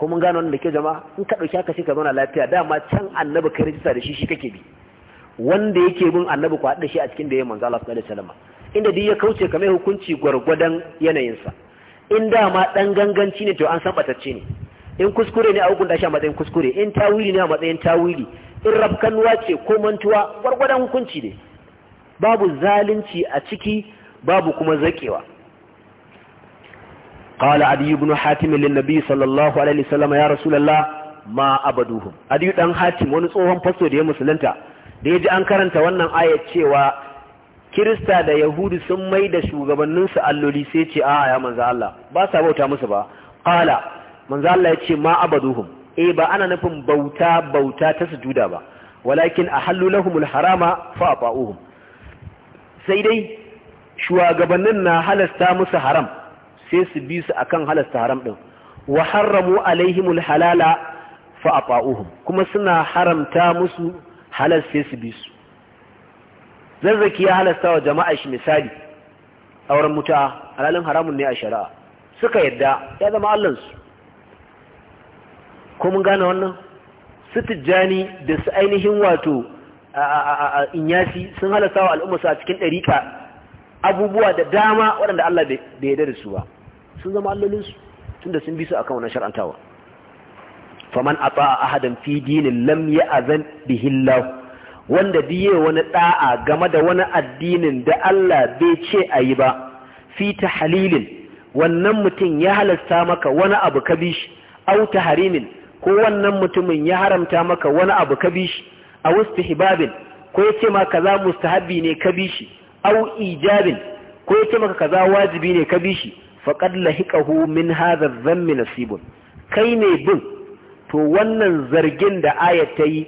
Kuma gano wanda ke zama in ka ɗauki haka sai ka zauna lafiya dama can annabi kai rijista da shi shi kake bi wanda yake bin annabi ku haɗa shi a cikin da ya manzo Allah sallallahu alaihi wasallam inda duk ya kauce kamar hukunci gwargwadon yanayinsa in dama ɗan ganganci ne to an san ɓatacce ne in kuskure ne a hukunta shi a matsayin kuskure in tawili ne a matsayin tawili in rafkanuwa ce ko mantuwa gwargwadon hukunci ne babu zalunci a ciki babu kuma zakewa قال عدي بن حاتم للنبي صلى الله عليه وسلم يا رسول الله ما أبدوهم عدي بن حاتم wani tsohon fasto da ya musulunta da ya ji an karanta wannan ayat cewa kirista da yahudu sun mai da shugabanninsu alloli sai ce a ya manzo Allah ba sa bauta musu ba qala manzo Allah ya ce ma abaduhum eh ba ana nufin bauta bauta ta sujuda ba walakin ahallu lahumul harama fa ata'uhum sai dai shugabannin na halasta musu haram sai su bi su akan halasta haram din wa harramu alaihimul halala fa ata'uhum kuma suna haramta musu halal sai su bi su zazzaki ya halasta wa jama'a shi misali auren muta halalin haramun ne a shari'a suka yadda ya zama allansu ko mun gane wannan su tijjani da su ainihin wato a inyasi sun halasta wa al'ummasu a cikin ɗariƙa abubuwa da dama waɗanda Allah bai ya da su ba sun zama allolinsu da sun bi su a akan wannan shar'antawa faman ata ahadan fi dinin lam azan bihin lahu. wanda biye wani da'a game da wani addinin da Allah bai ce a yi ba fi ta halilin wannan mutum ya halasta maka wani abu ka bishi au ta harimin ko wannan mutumin ya haramta maka wani abu ka bishi a wasu hibabin ko ya ce ma kaza mustahabi ne ka bishi au ijabin ko ya ce maka kaza wajibi ne ka bishi lahika lahiqahu min zan dhanbi nasibun kai ne bin to wannan zargin da ayat ta yi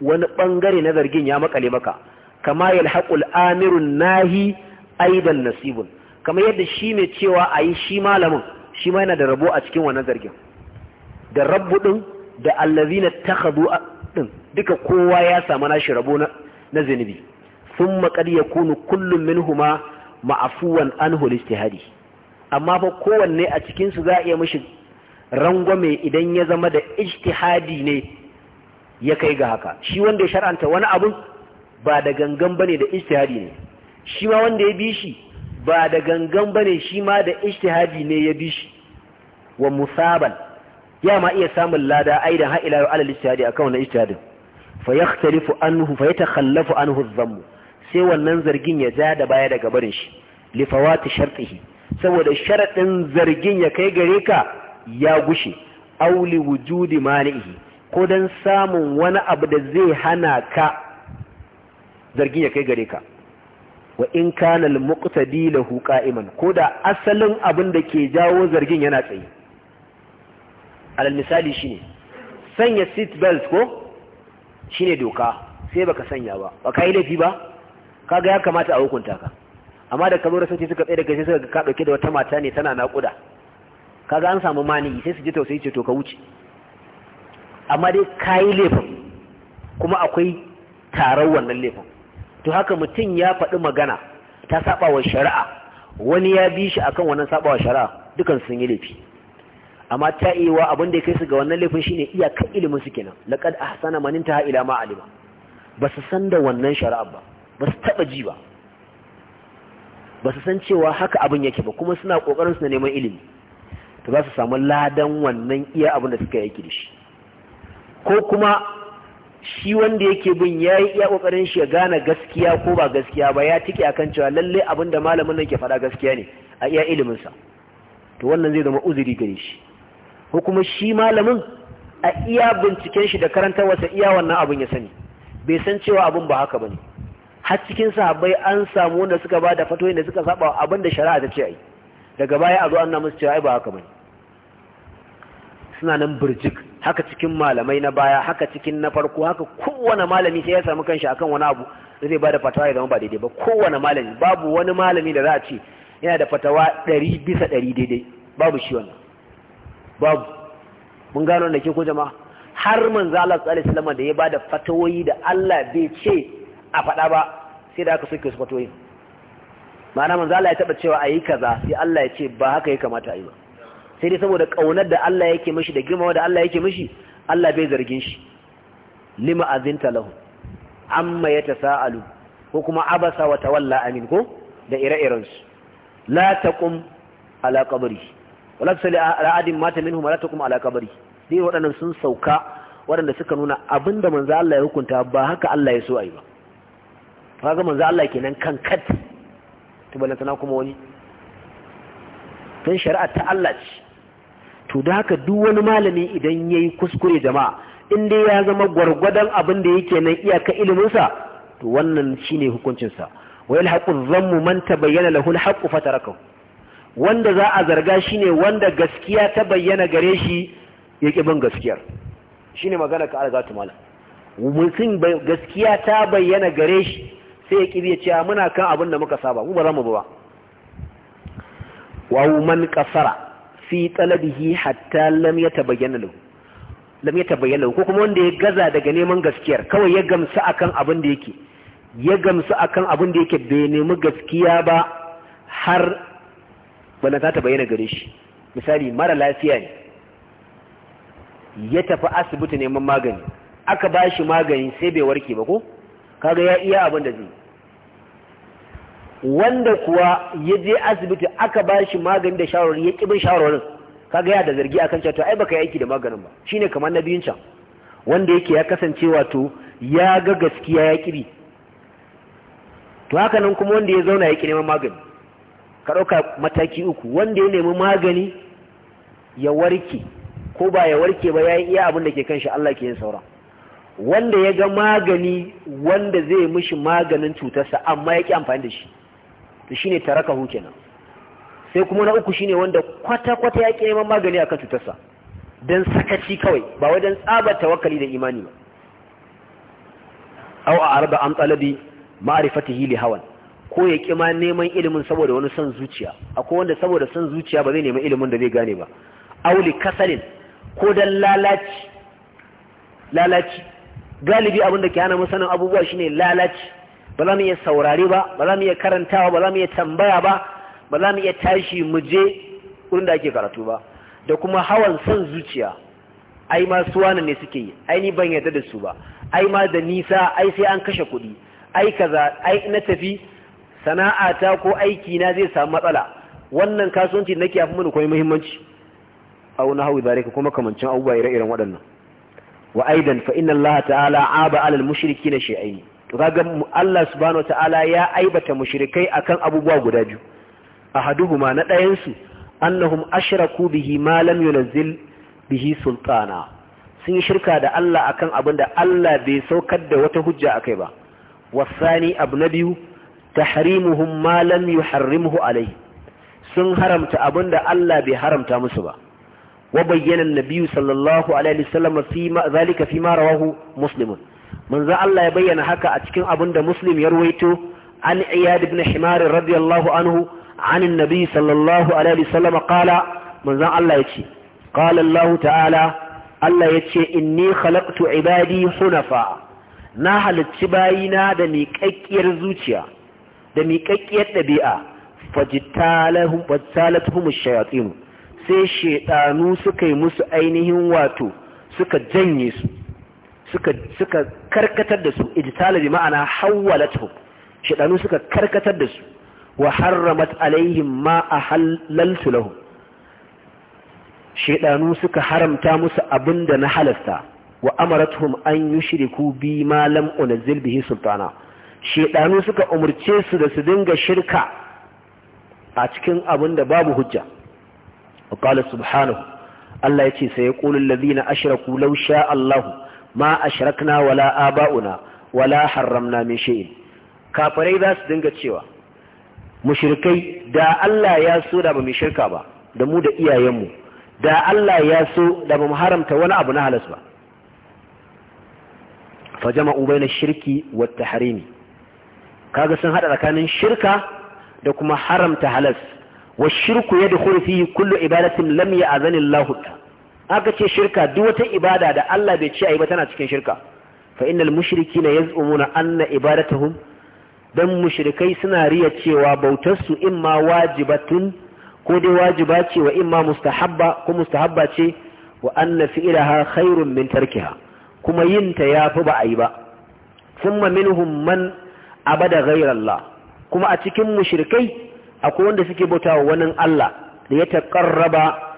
wani ɓangare na zargin ya makale maka kama yalhaqul amirun nahi aidan nasibun kama yadda shi mai cewa ayi shi malamin shi ma yana da rabo a cikin wannan zargin da rabbu din da allazina takhadu ɗin, duka kowa ya samu nashi rabo na zunubi thumma qad yakunu kullun minhuma ma'afuwan anhu lijtihadi amma fa kowanne a cikinsu za a iya mishi rangwame idan ya zama da ijtihadi ne ya kai ga haka shi wanda ya shar'anta wani abu ba da gangan bane da ijtihadi ne shi ma wanda ya bi shi ba da gangan bane shi ma da ijtihadi ne ya bi shi wa musaban ya ma iya samun lada aidan ha ila alal ijtihadi akan wannan ijtihadin fa yakhtalifu anhu fa yatakhallafu anhu zanmu sai wannan zargin ya ja da baya daga barin shi li fawati shartihi saboda sharadin zargin ya kai gare ka ya gushe auli wujudi manihi ko don samun wani abu da zai hana ka zargin ya kai gare ka wa in kana al-muqtadi lahu qa'iman ko da asalin abin da ke jawo zargin yana tsaye alal misali shine sanya seat belt ko shine doka sai baka sanya ba ba kai laifi ba kaga ya kamata a hukunta ka amma da kamar sun ce suka tsaye daga sai suka ka dauke da wata mata ne tana naƙuda kaga an samu mani sai su ji tausayi ce to ka wuce amma dai kayi laifin kuma akwai tarar wannan laifin to haka mutum ya faɗi magana ta saba wa shari'a wani ya bi shi akan wannan saba wa shari'a dukan sun yi laifi amma ta iya abin da ya kai su ga wannan laifin shine iyakar ilimin su kenan laqad ahsana man intaha ila ma alima ba su san da wannan shari'a ba ba su taba ji ba ba su san cewa haka abin yake ba kuma suna kokarin su neman ilimi to za su samu ladan wannan iya abin da suka yake da shi ko kuma shi wanda yake bin ya yi iya ƙoƙarin shi ya gane gaskiya ko ba gaskiya ba ya tike akan cewa lalle abin da malamin nan ke faɗa gaskiya ne a iya iliminsa to wannan zai zama uzuri gare shi ko kuma shi malamin a iya binciken shi da karantar wata iya wannan abin ya sani bai san cewa abin ba haka bane har cikin sahabbai an samu wanda suka ba da fatoyin da suka saba abin da shari'a ta ce ai daga baya a zo an na musu cewa ai ba haka bane suna nan birjik haka cikin malamai na baya haka cikin na farko haka kowane malami sai ya samu kanshi akan wani abu zai bada fatawa ya zama ba daidai ba kowane malami babu wani malami da za a ce yana da fatawa ɗari bisa ɗari daidai babu shi wannan babu mun gano da ke ko jama'a har za Allah sallallahu alaihi wasallam da ya bada fatawoyi da Allah bai ce a faɗa ba sai da aka soke su fatawoyin ma'ana za Allah ya taba cewa ayi kaza sai Allah ya ce ba haka ya kamata a yi ba sai dai saboda kaunar da Allah yake mishi da girma da Allah yake mishi Allah bai zargin shi lima azinta lahu amma yatasaalu ko kuma abasa wa tawalla amin ko da ire-iren su la taqum ala qabri wala tusalli ala adin mata minhum la taqum ala qabri dai waɗannan sun sauka waɗanda suka nuna abinda manzo Allah ya hukunta ba haka Allah ya so ayi ba kaga manzo Allah kenan kan kat to balantana kuma wani tun shari'a ta Allah ce to da haka duk wani malami idan ya yi kuskure jama'a inda ya zama gwargwadon abin da yake nan iyaka iliminsa to wannan shine hukuncinsa wa zan mu man bayyana lahu haƙu fatarakau wanda za a zarga shine wanda gaskiya ta bayyana gare shi ya ƙi bin gaskiyar Shi ne magana ka algatu tumala mutum gaskiya ta bayyana gare shi sai ya kibiya cewa muna kan abin da muka saba mu ba za mu ba wa man kasara fi talabihi hatta lam yatabayyana lahu lam yatabayyana ko kuma wanda ya gaza daga neman gaskiyar kawai ya gamsu akan abin da yake ya gamsu akan abin da yake bai nemi gaskiya ba har bana za ta bayyana gare shi misali mara lafiya ne ya tafi asibiti neman magani aka ba shi magani sai bai warke ba ko kaga ya iya abin da zai wanda kuwa ya je asibiti aka ba shi magani da shawarwari ya ƙi bin shawarwarin kaga ya da zargi akan cewa ai baka yi aiki da maganin ba shine kamar na biyun can wanda yake ya kasance wato ya ga gaskiya ya ƙi to haka nan kuma wanda ya zauna ya ƙi neman magani ka ɗauka mataki uku wanda ya nemi magani ya warke ko ba ya warke ba ya yi iya abin da ke kan shi Allah ke yin sauran wanda ya ga magani wanda zai mishi maganin cutarsa amma ya ƙi amfani da shi to shine tarakahu kenan sai kuma na uku shine wanda kwata-kwata ya neman magani akan cutarsa don sakaci kawai ba wai dan tsabar tawakkali da imani ba aw a arba am talabi ma'rifatihi li hawan ko ya neman ilimin saboda wani son zuciya akwai wanda saboda son zuciya ba zai nemi ilimin da zai gane ba aw li kasalin ko dan lalaci lalaci galibi abin da ke hana mu sanin abubuwa shine lalaci ba za mu iya saurari ba ba za mu iya karantawa ba za mu iya tambaya ba ba za mu iya tashi mu je wurin da ake karatu ba da kuma hawan son zuciya ai ma su wani ne suke yi ai ni ban yarda da su ba ai ma da nisa ai sai an kashe kuɗi ai kaza ai na tafi sana'ata ko aiki na zai samu matsala wannan kasuwanci nake yafi mini kuma muhimmanci aw na hawi zalika kuma kamancin abubuwa ire-iren waɗannan wa aidan fa inna Allah ta'ala aba alal mushrikeena shay'ain to kaga Allah subhanahu ta'ala ya aibata mushirikai akan abubuwa guda biyu ahaduhuma na ɗayansu? su annahum ashraku bihi malam lam bihi sultana sun yi shirka da Allah akan abin da Allah bai saukar da wata hujja akai ba wasani abu na biyu tahrimuhum malam lam yuharrimhu alai sun haramta abin da Allah bai haramta musu ba wa bayyana biyu sallallahu alaihi wasallam zalika fi ma rawahu muslimun manzo Allah ya bayyana haka a cikin abin da muslim ya ruwaito an iyad ibn himar radiyallahu anhu an annabi sallallahu alaihi wasallam qala manzo Allah ya ce qala ta'ala Allah ya ce inni khalaqtu ibadi hunafa na halicci bayina da miƙaƙƙiyar zuciya da miƙaƙƙiyar ɗabi'a fajitalahum fajitalatuhum shayatin sai shedanu suka yi musu ainihin wato suka janye su suka suka karkatar da su ijtala bi ma'ana hawwalatuhum shedanu suka karkatar da su wa harramat alaihim ma ahallaltu lahum shedanu suka haramta musu abinda na halasta wa amaratuhum an yushriku bi ma lam unzil bihi sultana shedanu suka umurce su da su dinga shirka a cikin abinda babu hujja wa qala subhanahu Allah ce sai yaqulu alladhina ashraku law sha Allahu ma ashrakna wala aba'una wala haramna min shay'in kafirai za su dinga cewa mushirkai da Allah ya so da ba mu shirka ba da mu da iyayenmu da Allah ya so da ba mu haramta wani abu na halas ba fa jama'u baina shirki wa tahrimi kaga sun hada tsakanin shirka da kuma haramta halas wa shirku yadkhulu fihi kullu ibadatin lam ya'zani Allahu ta'ala aka ce shirka duk wata ibada da Allah bai ce yi ba tana cikin shirka fa innal mushrikina yaz'umuna anna ibadatahum dan mushrikai suna riya cewa bautarsu su imma wajibatun ko dai wajiba ce wa imma mustahabba ko mustahabba ce wa anna fi'laha khairun min tarkiha kuma yin ta yafi ba a yi ba thumma minhum man abada ghayra kuma a cikin mushrikai akwai wanda suke bautawa wani Allah da ya taqarraba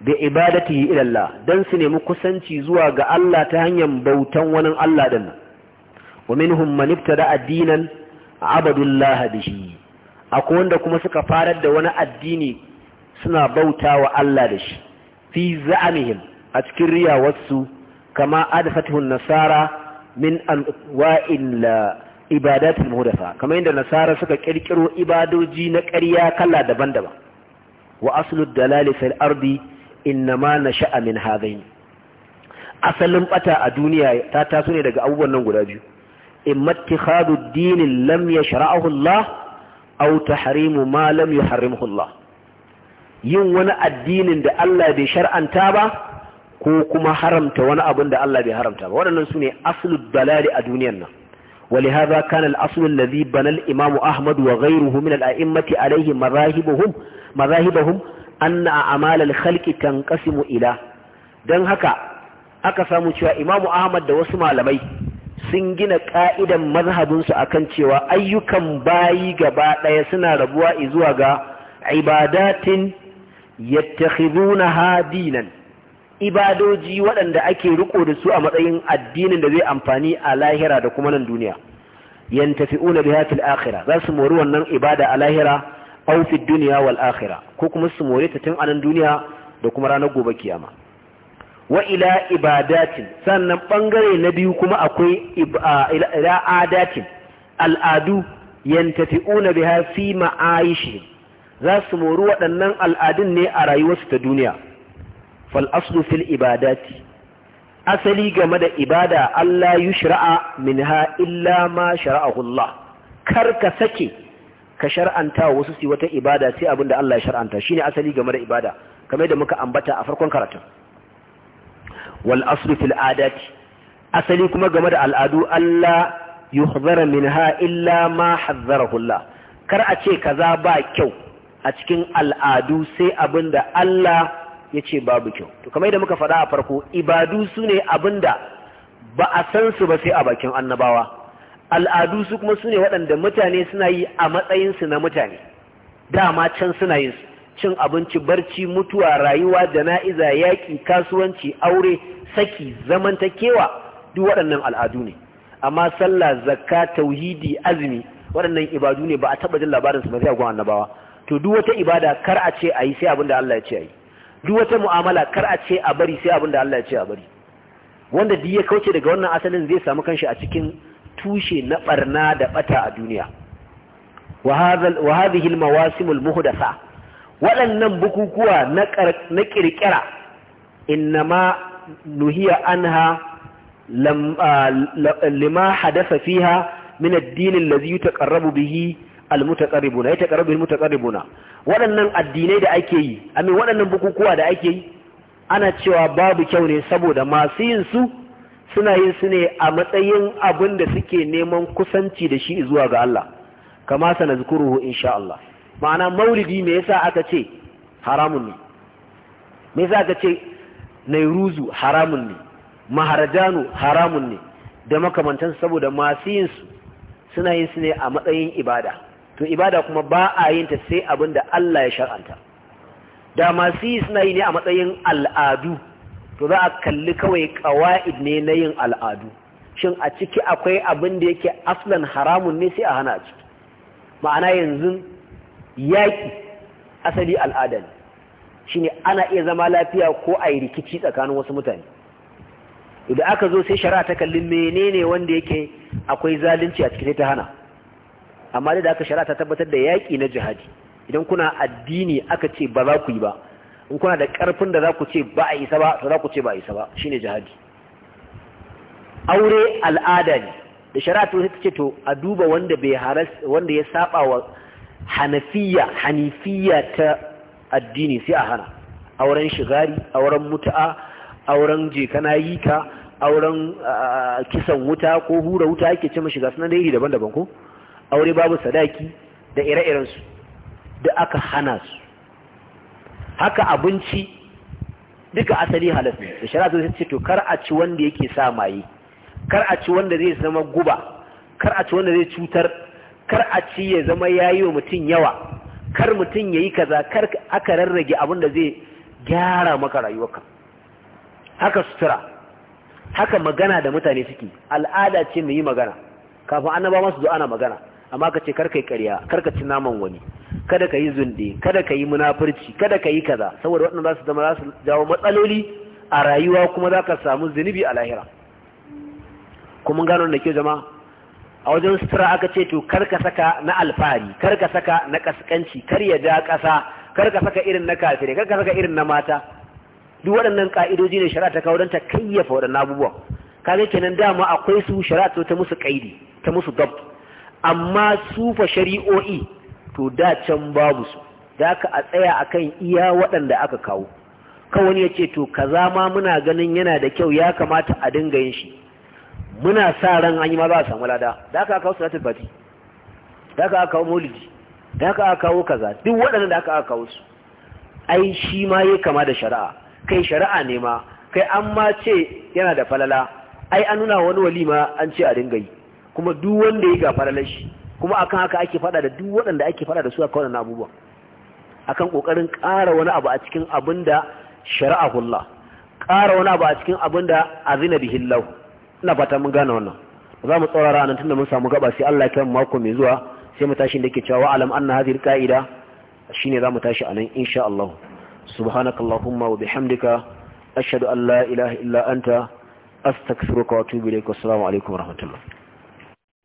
da ibadati ila Allah dan su nemi kusanci zuwa ga Allah ta hanyar bautan wani Allah din wa minhum man ibtada addinan abadullah bihi akwai wanda kuma suka farar da wani addini suna bautawa Allah da shi fi za'amihim a cikin riyawarsu kama adfatuhun nasara min anwa'il ibadatul muhdatha kamar yadda nasara suka kirkiro ibadoji na ƙarya kala daban-daban wa aslu dalali fil ardi innama na sha'amin min asalin bata a duniya ta taso ne daga abubuwan nan guda biyu imma ittikhadu dinin lam yashra'ahu Allah ta harimu ma lam yuharrimuhu Allah yin wani addinin da Allah bai shar'anta ba ko kuma haramta wani abin da Allah bai haramta ba waɗannan sune aslud dalali a duniyar nan ولهذا كان الأصل الذي بنى imamu أحمد wa gairuhu الأئمة عليه alaihi مذاهبهم anna a'malal khalqi kasimu ila don haka aka samu cewa Imam Ahmad da wasu malamai sun gina ka'idan mazhabinsu akan cewa ayyukan bayi gaba ɗaya suna rabuwa izuwa ga ibadatin yattakhidunaha dinan ibadoji waɗanda ake riko da su a matsayin addinin da zai amfani a lahira da kuma nan duniya yantafi'una biha fil akhirah za su mori wannan ibada a lahira aw fi duniya wal akhira ko kuma su more ta tun anan duniya da kuma ranar gobe kiyama wa ila ibadatin sannan bangare na biyu kuma akwai ila adatin al'adu yantafi'una biha fi ma'aishi za su mori waɗannan al'adun ne a rayuwarsu ta duniya fal aslu fil ibadati asali game da ibada Allah yushra'a minha illa ma shara'ahu Allah kar ka sake ka shar'anta wasu su wata ibada sai abin da Allah ya shar'anta shine asali game da ibada kamar da muka ambata a farkon karatun wal aslu fil adati asali kuma game da al'adu Allah yuhzara minha illa ma hazzarahu Allah kar a ce kaza ba kyau a cikin al'adu sai abin da Allah ya ce babu kyau to kamar da muka faɗa a farko ibadu sune abin da ba a san su ba sai a bakin annabawa al'adu su kuma su ne waɗanda mutane suna yi a matsayinsu na mutane dama can suna yin su cin abinci barci mutuwa rayuwa jana'iza yaƙi kasuwanci aure saki zamantakewa duk waɗannan al'adu ne amma sallah zakka tauhidi azumi waɗannan ibadu ne ba a taɓa jin labarin su ba sai gwan annabawa to duk wata ibada kar a ce a yi sai abinda Allah ya ce a yi. duk wata mu'amala kar a ce a bari sai abinda Allah ya ce a bari wanda duk ya kauce daga wannan asalin zai samu kanshi a cikin tushe na barna da bata a duniya wa hadhihi al-mawasim al-muhdatha waɗannan bukukuwa na kirkira innama nuhiya anha lima hadasa fiha min ad-din alladhi yataqarrabu bihi al-mutaqarribuna yataqarrabu al-mutaqarribuna waɗannan addinai da ake yi amin waɗannan bukukuwa da ake yi ana cewa babu kyau ne saboda masu yin su suna yin su ne a matsayin abin da suke neman kusanci da shi zuwa ga Allah kama sana zukuruhu insha Allah ma'ana maulidi me yasa aka ce haramun ne me yasa aka ce nairuzu haramun ne maharajanu haramun ne da makamantan saboda masu yin su suna yin su ne a matsayin ibada to ibada kuma ba a yin ta sai abin da Allah ya shar'anta da masu yi suna yi ne a matsayin al'adu to za a kalli kawai ƙawa'id ne na yin al'adu shin a ciki akwai abin da yake aslan haramun ne sai a hana a ciki ma'ana yanzu yaƙi asali al'ada ne ana iya zama lafiya ko a yi rikici tsakanin wasu mutane idan aka zo sai shari'a ta kalli menene wanda yake akwai zalunci a cikin ta hana amma da aka shari'a ta tabbatar da yaƙi na jihadi idan kuna addini aka ce ba za ku yi ba in kuna da karfin da za ku ce ba a isa ba to za ku ce ba a isa ba shine jihadi aure al'ada ne da shari'a to ta ce to a duba wanda bai haras wanda ya saba wa hanafiya hanifiya ta addini sai a hana auren shigari auren mutu'a auren jekana yika auren kisan wuta ko hura wuta ake ce shiga sunan da daban-daban ko aure babu sadaki da ire-irensu da aka hana su haka abinci duka asali halas ne da shari'a sun ce to kar a ci wanda yake sa maye kar a ci wanda zai zama guba kar a ci wanda zai cutar kar a ci ya zama yayi wa mutum yawa kar mutum ya yi kaza kar aka rarrage abin da zai gyara maka rayuwarka haka sutura haka magana da mutane suke al'ada ce mu yi magana kafin annaba masu zo ana magana amma ka ce kar kai karya kar ka ci naman wani kada ka yi zunde kada ka yi munafurci kada ka yi kaza saboda waɗanda za su zama za su jawo matsaloli a rayuwa kuma za ka samu zunubi a lahira kuma gano da ke jama a wajen sutura aka ce to kar ka saka na alfahari kar ka saka na kaskanci kar ya da ƙasa kar ka saka irin na kafire kar ka saka irin na mata duk waɗannan ka'idoji ne shari'a ta kawo don ta kayyafa waɗannan abubuwan kaga kenan dama akwai su shari'a ta musu kaidi ta musu gab amma su fa shari'o'i to da can babu su da ka a tsaya a kan iya waɗanda aka kawo kawon ya ce to kaza ma muna ganin yana da kyau ya kamata a dinga yin shi muna sa ran an yi ma za a samu lada da aka kawo salatul fati da aka kawo maulidi da aka kawo kaza duk waɗanda aka kawo su ai shi ma ya kama da shari'a kai shari'a ne ma kai an ma ce yana da falala ai an nuna wani walima an ce a dinga yi kuma duk wanda ya ga falalar shi kuma akan haka ake fada da duk waɗanda ake fada da su akan na abubuwan akan kokarin ƙara wani abu a cikin abin da hulla ƙara wani abu a cikin abin da azina bihillahu ina fata mun gane wannan za mu tsora nan tunda mun samu gaba sai Allah ya kai mako mai zuwa sai mu tashi da ke cewa alam anna hadhihi alqaida shine za mu tashi anan insha Allah subhanakallahumma wa bihamdika ashhadu an la ilaha illa anta astaghfiruka wa atubu ilaik assalamu alaikum wa rahmatullah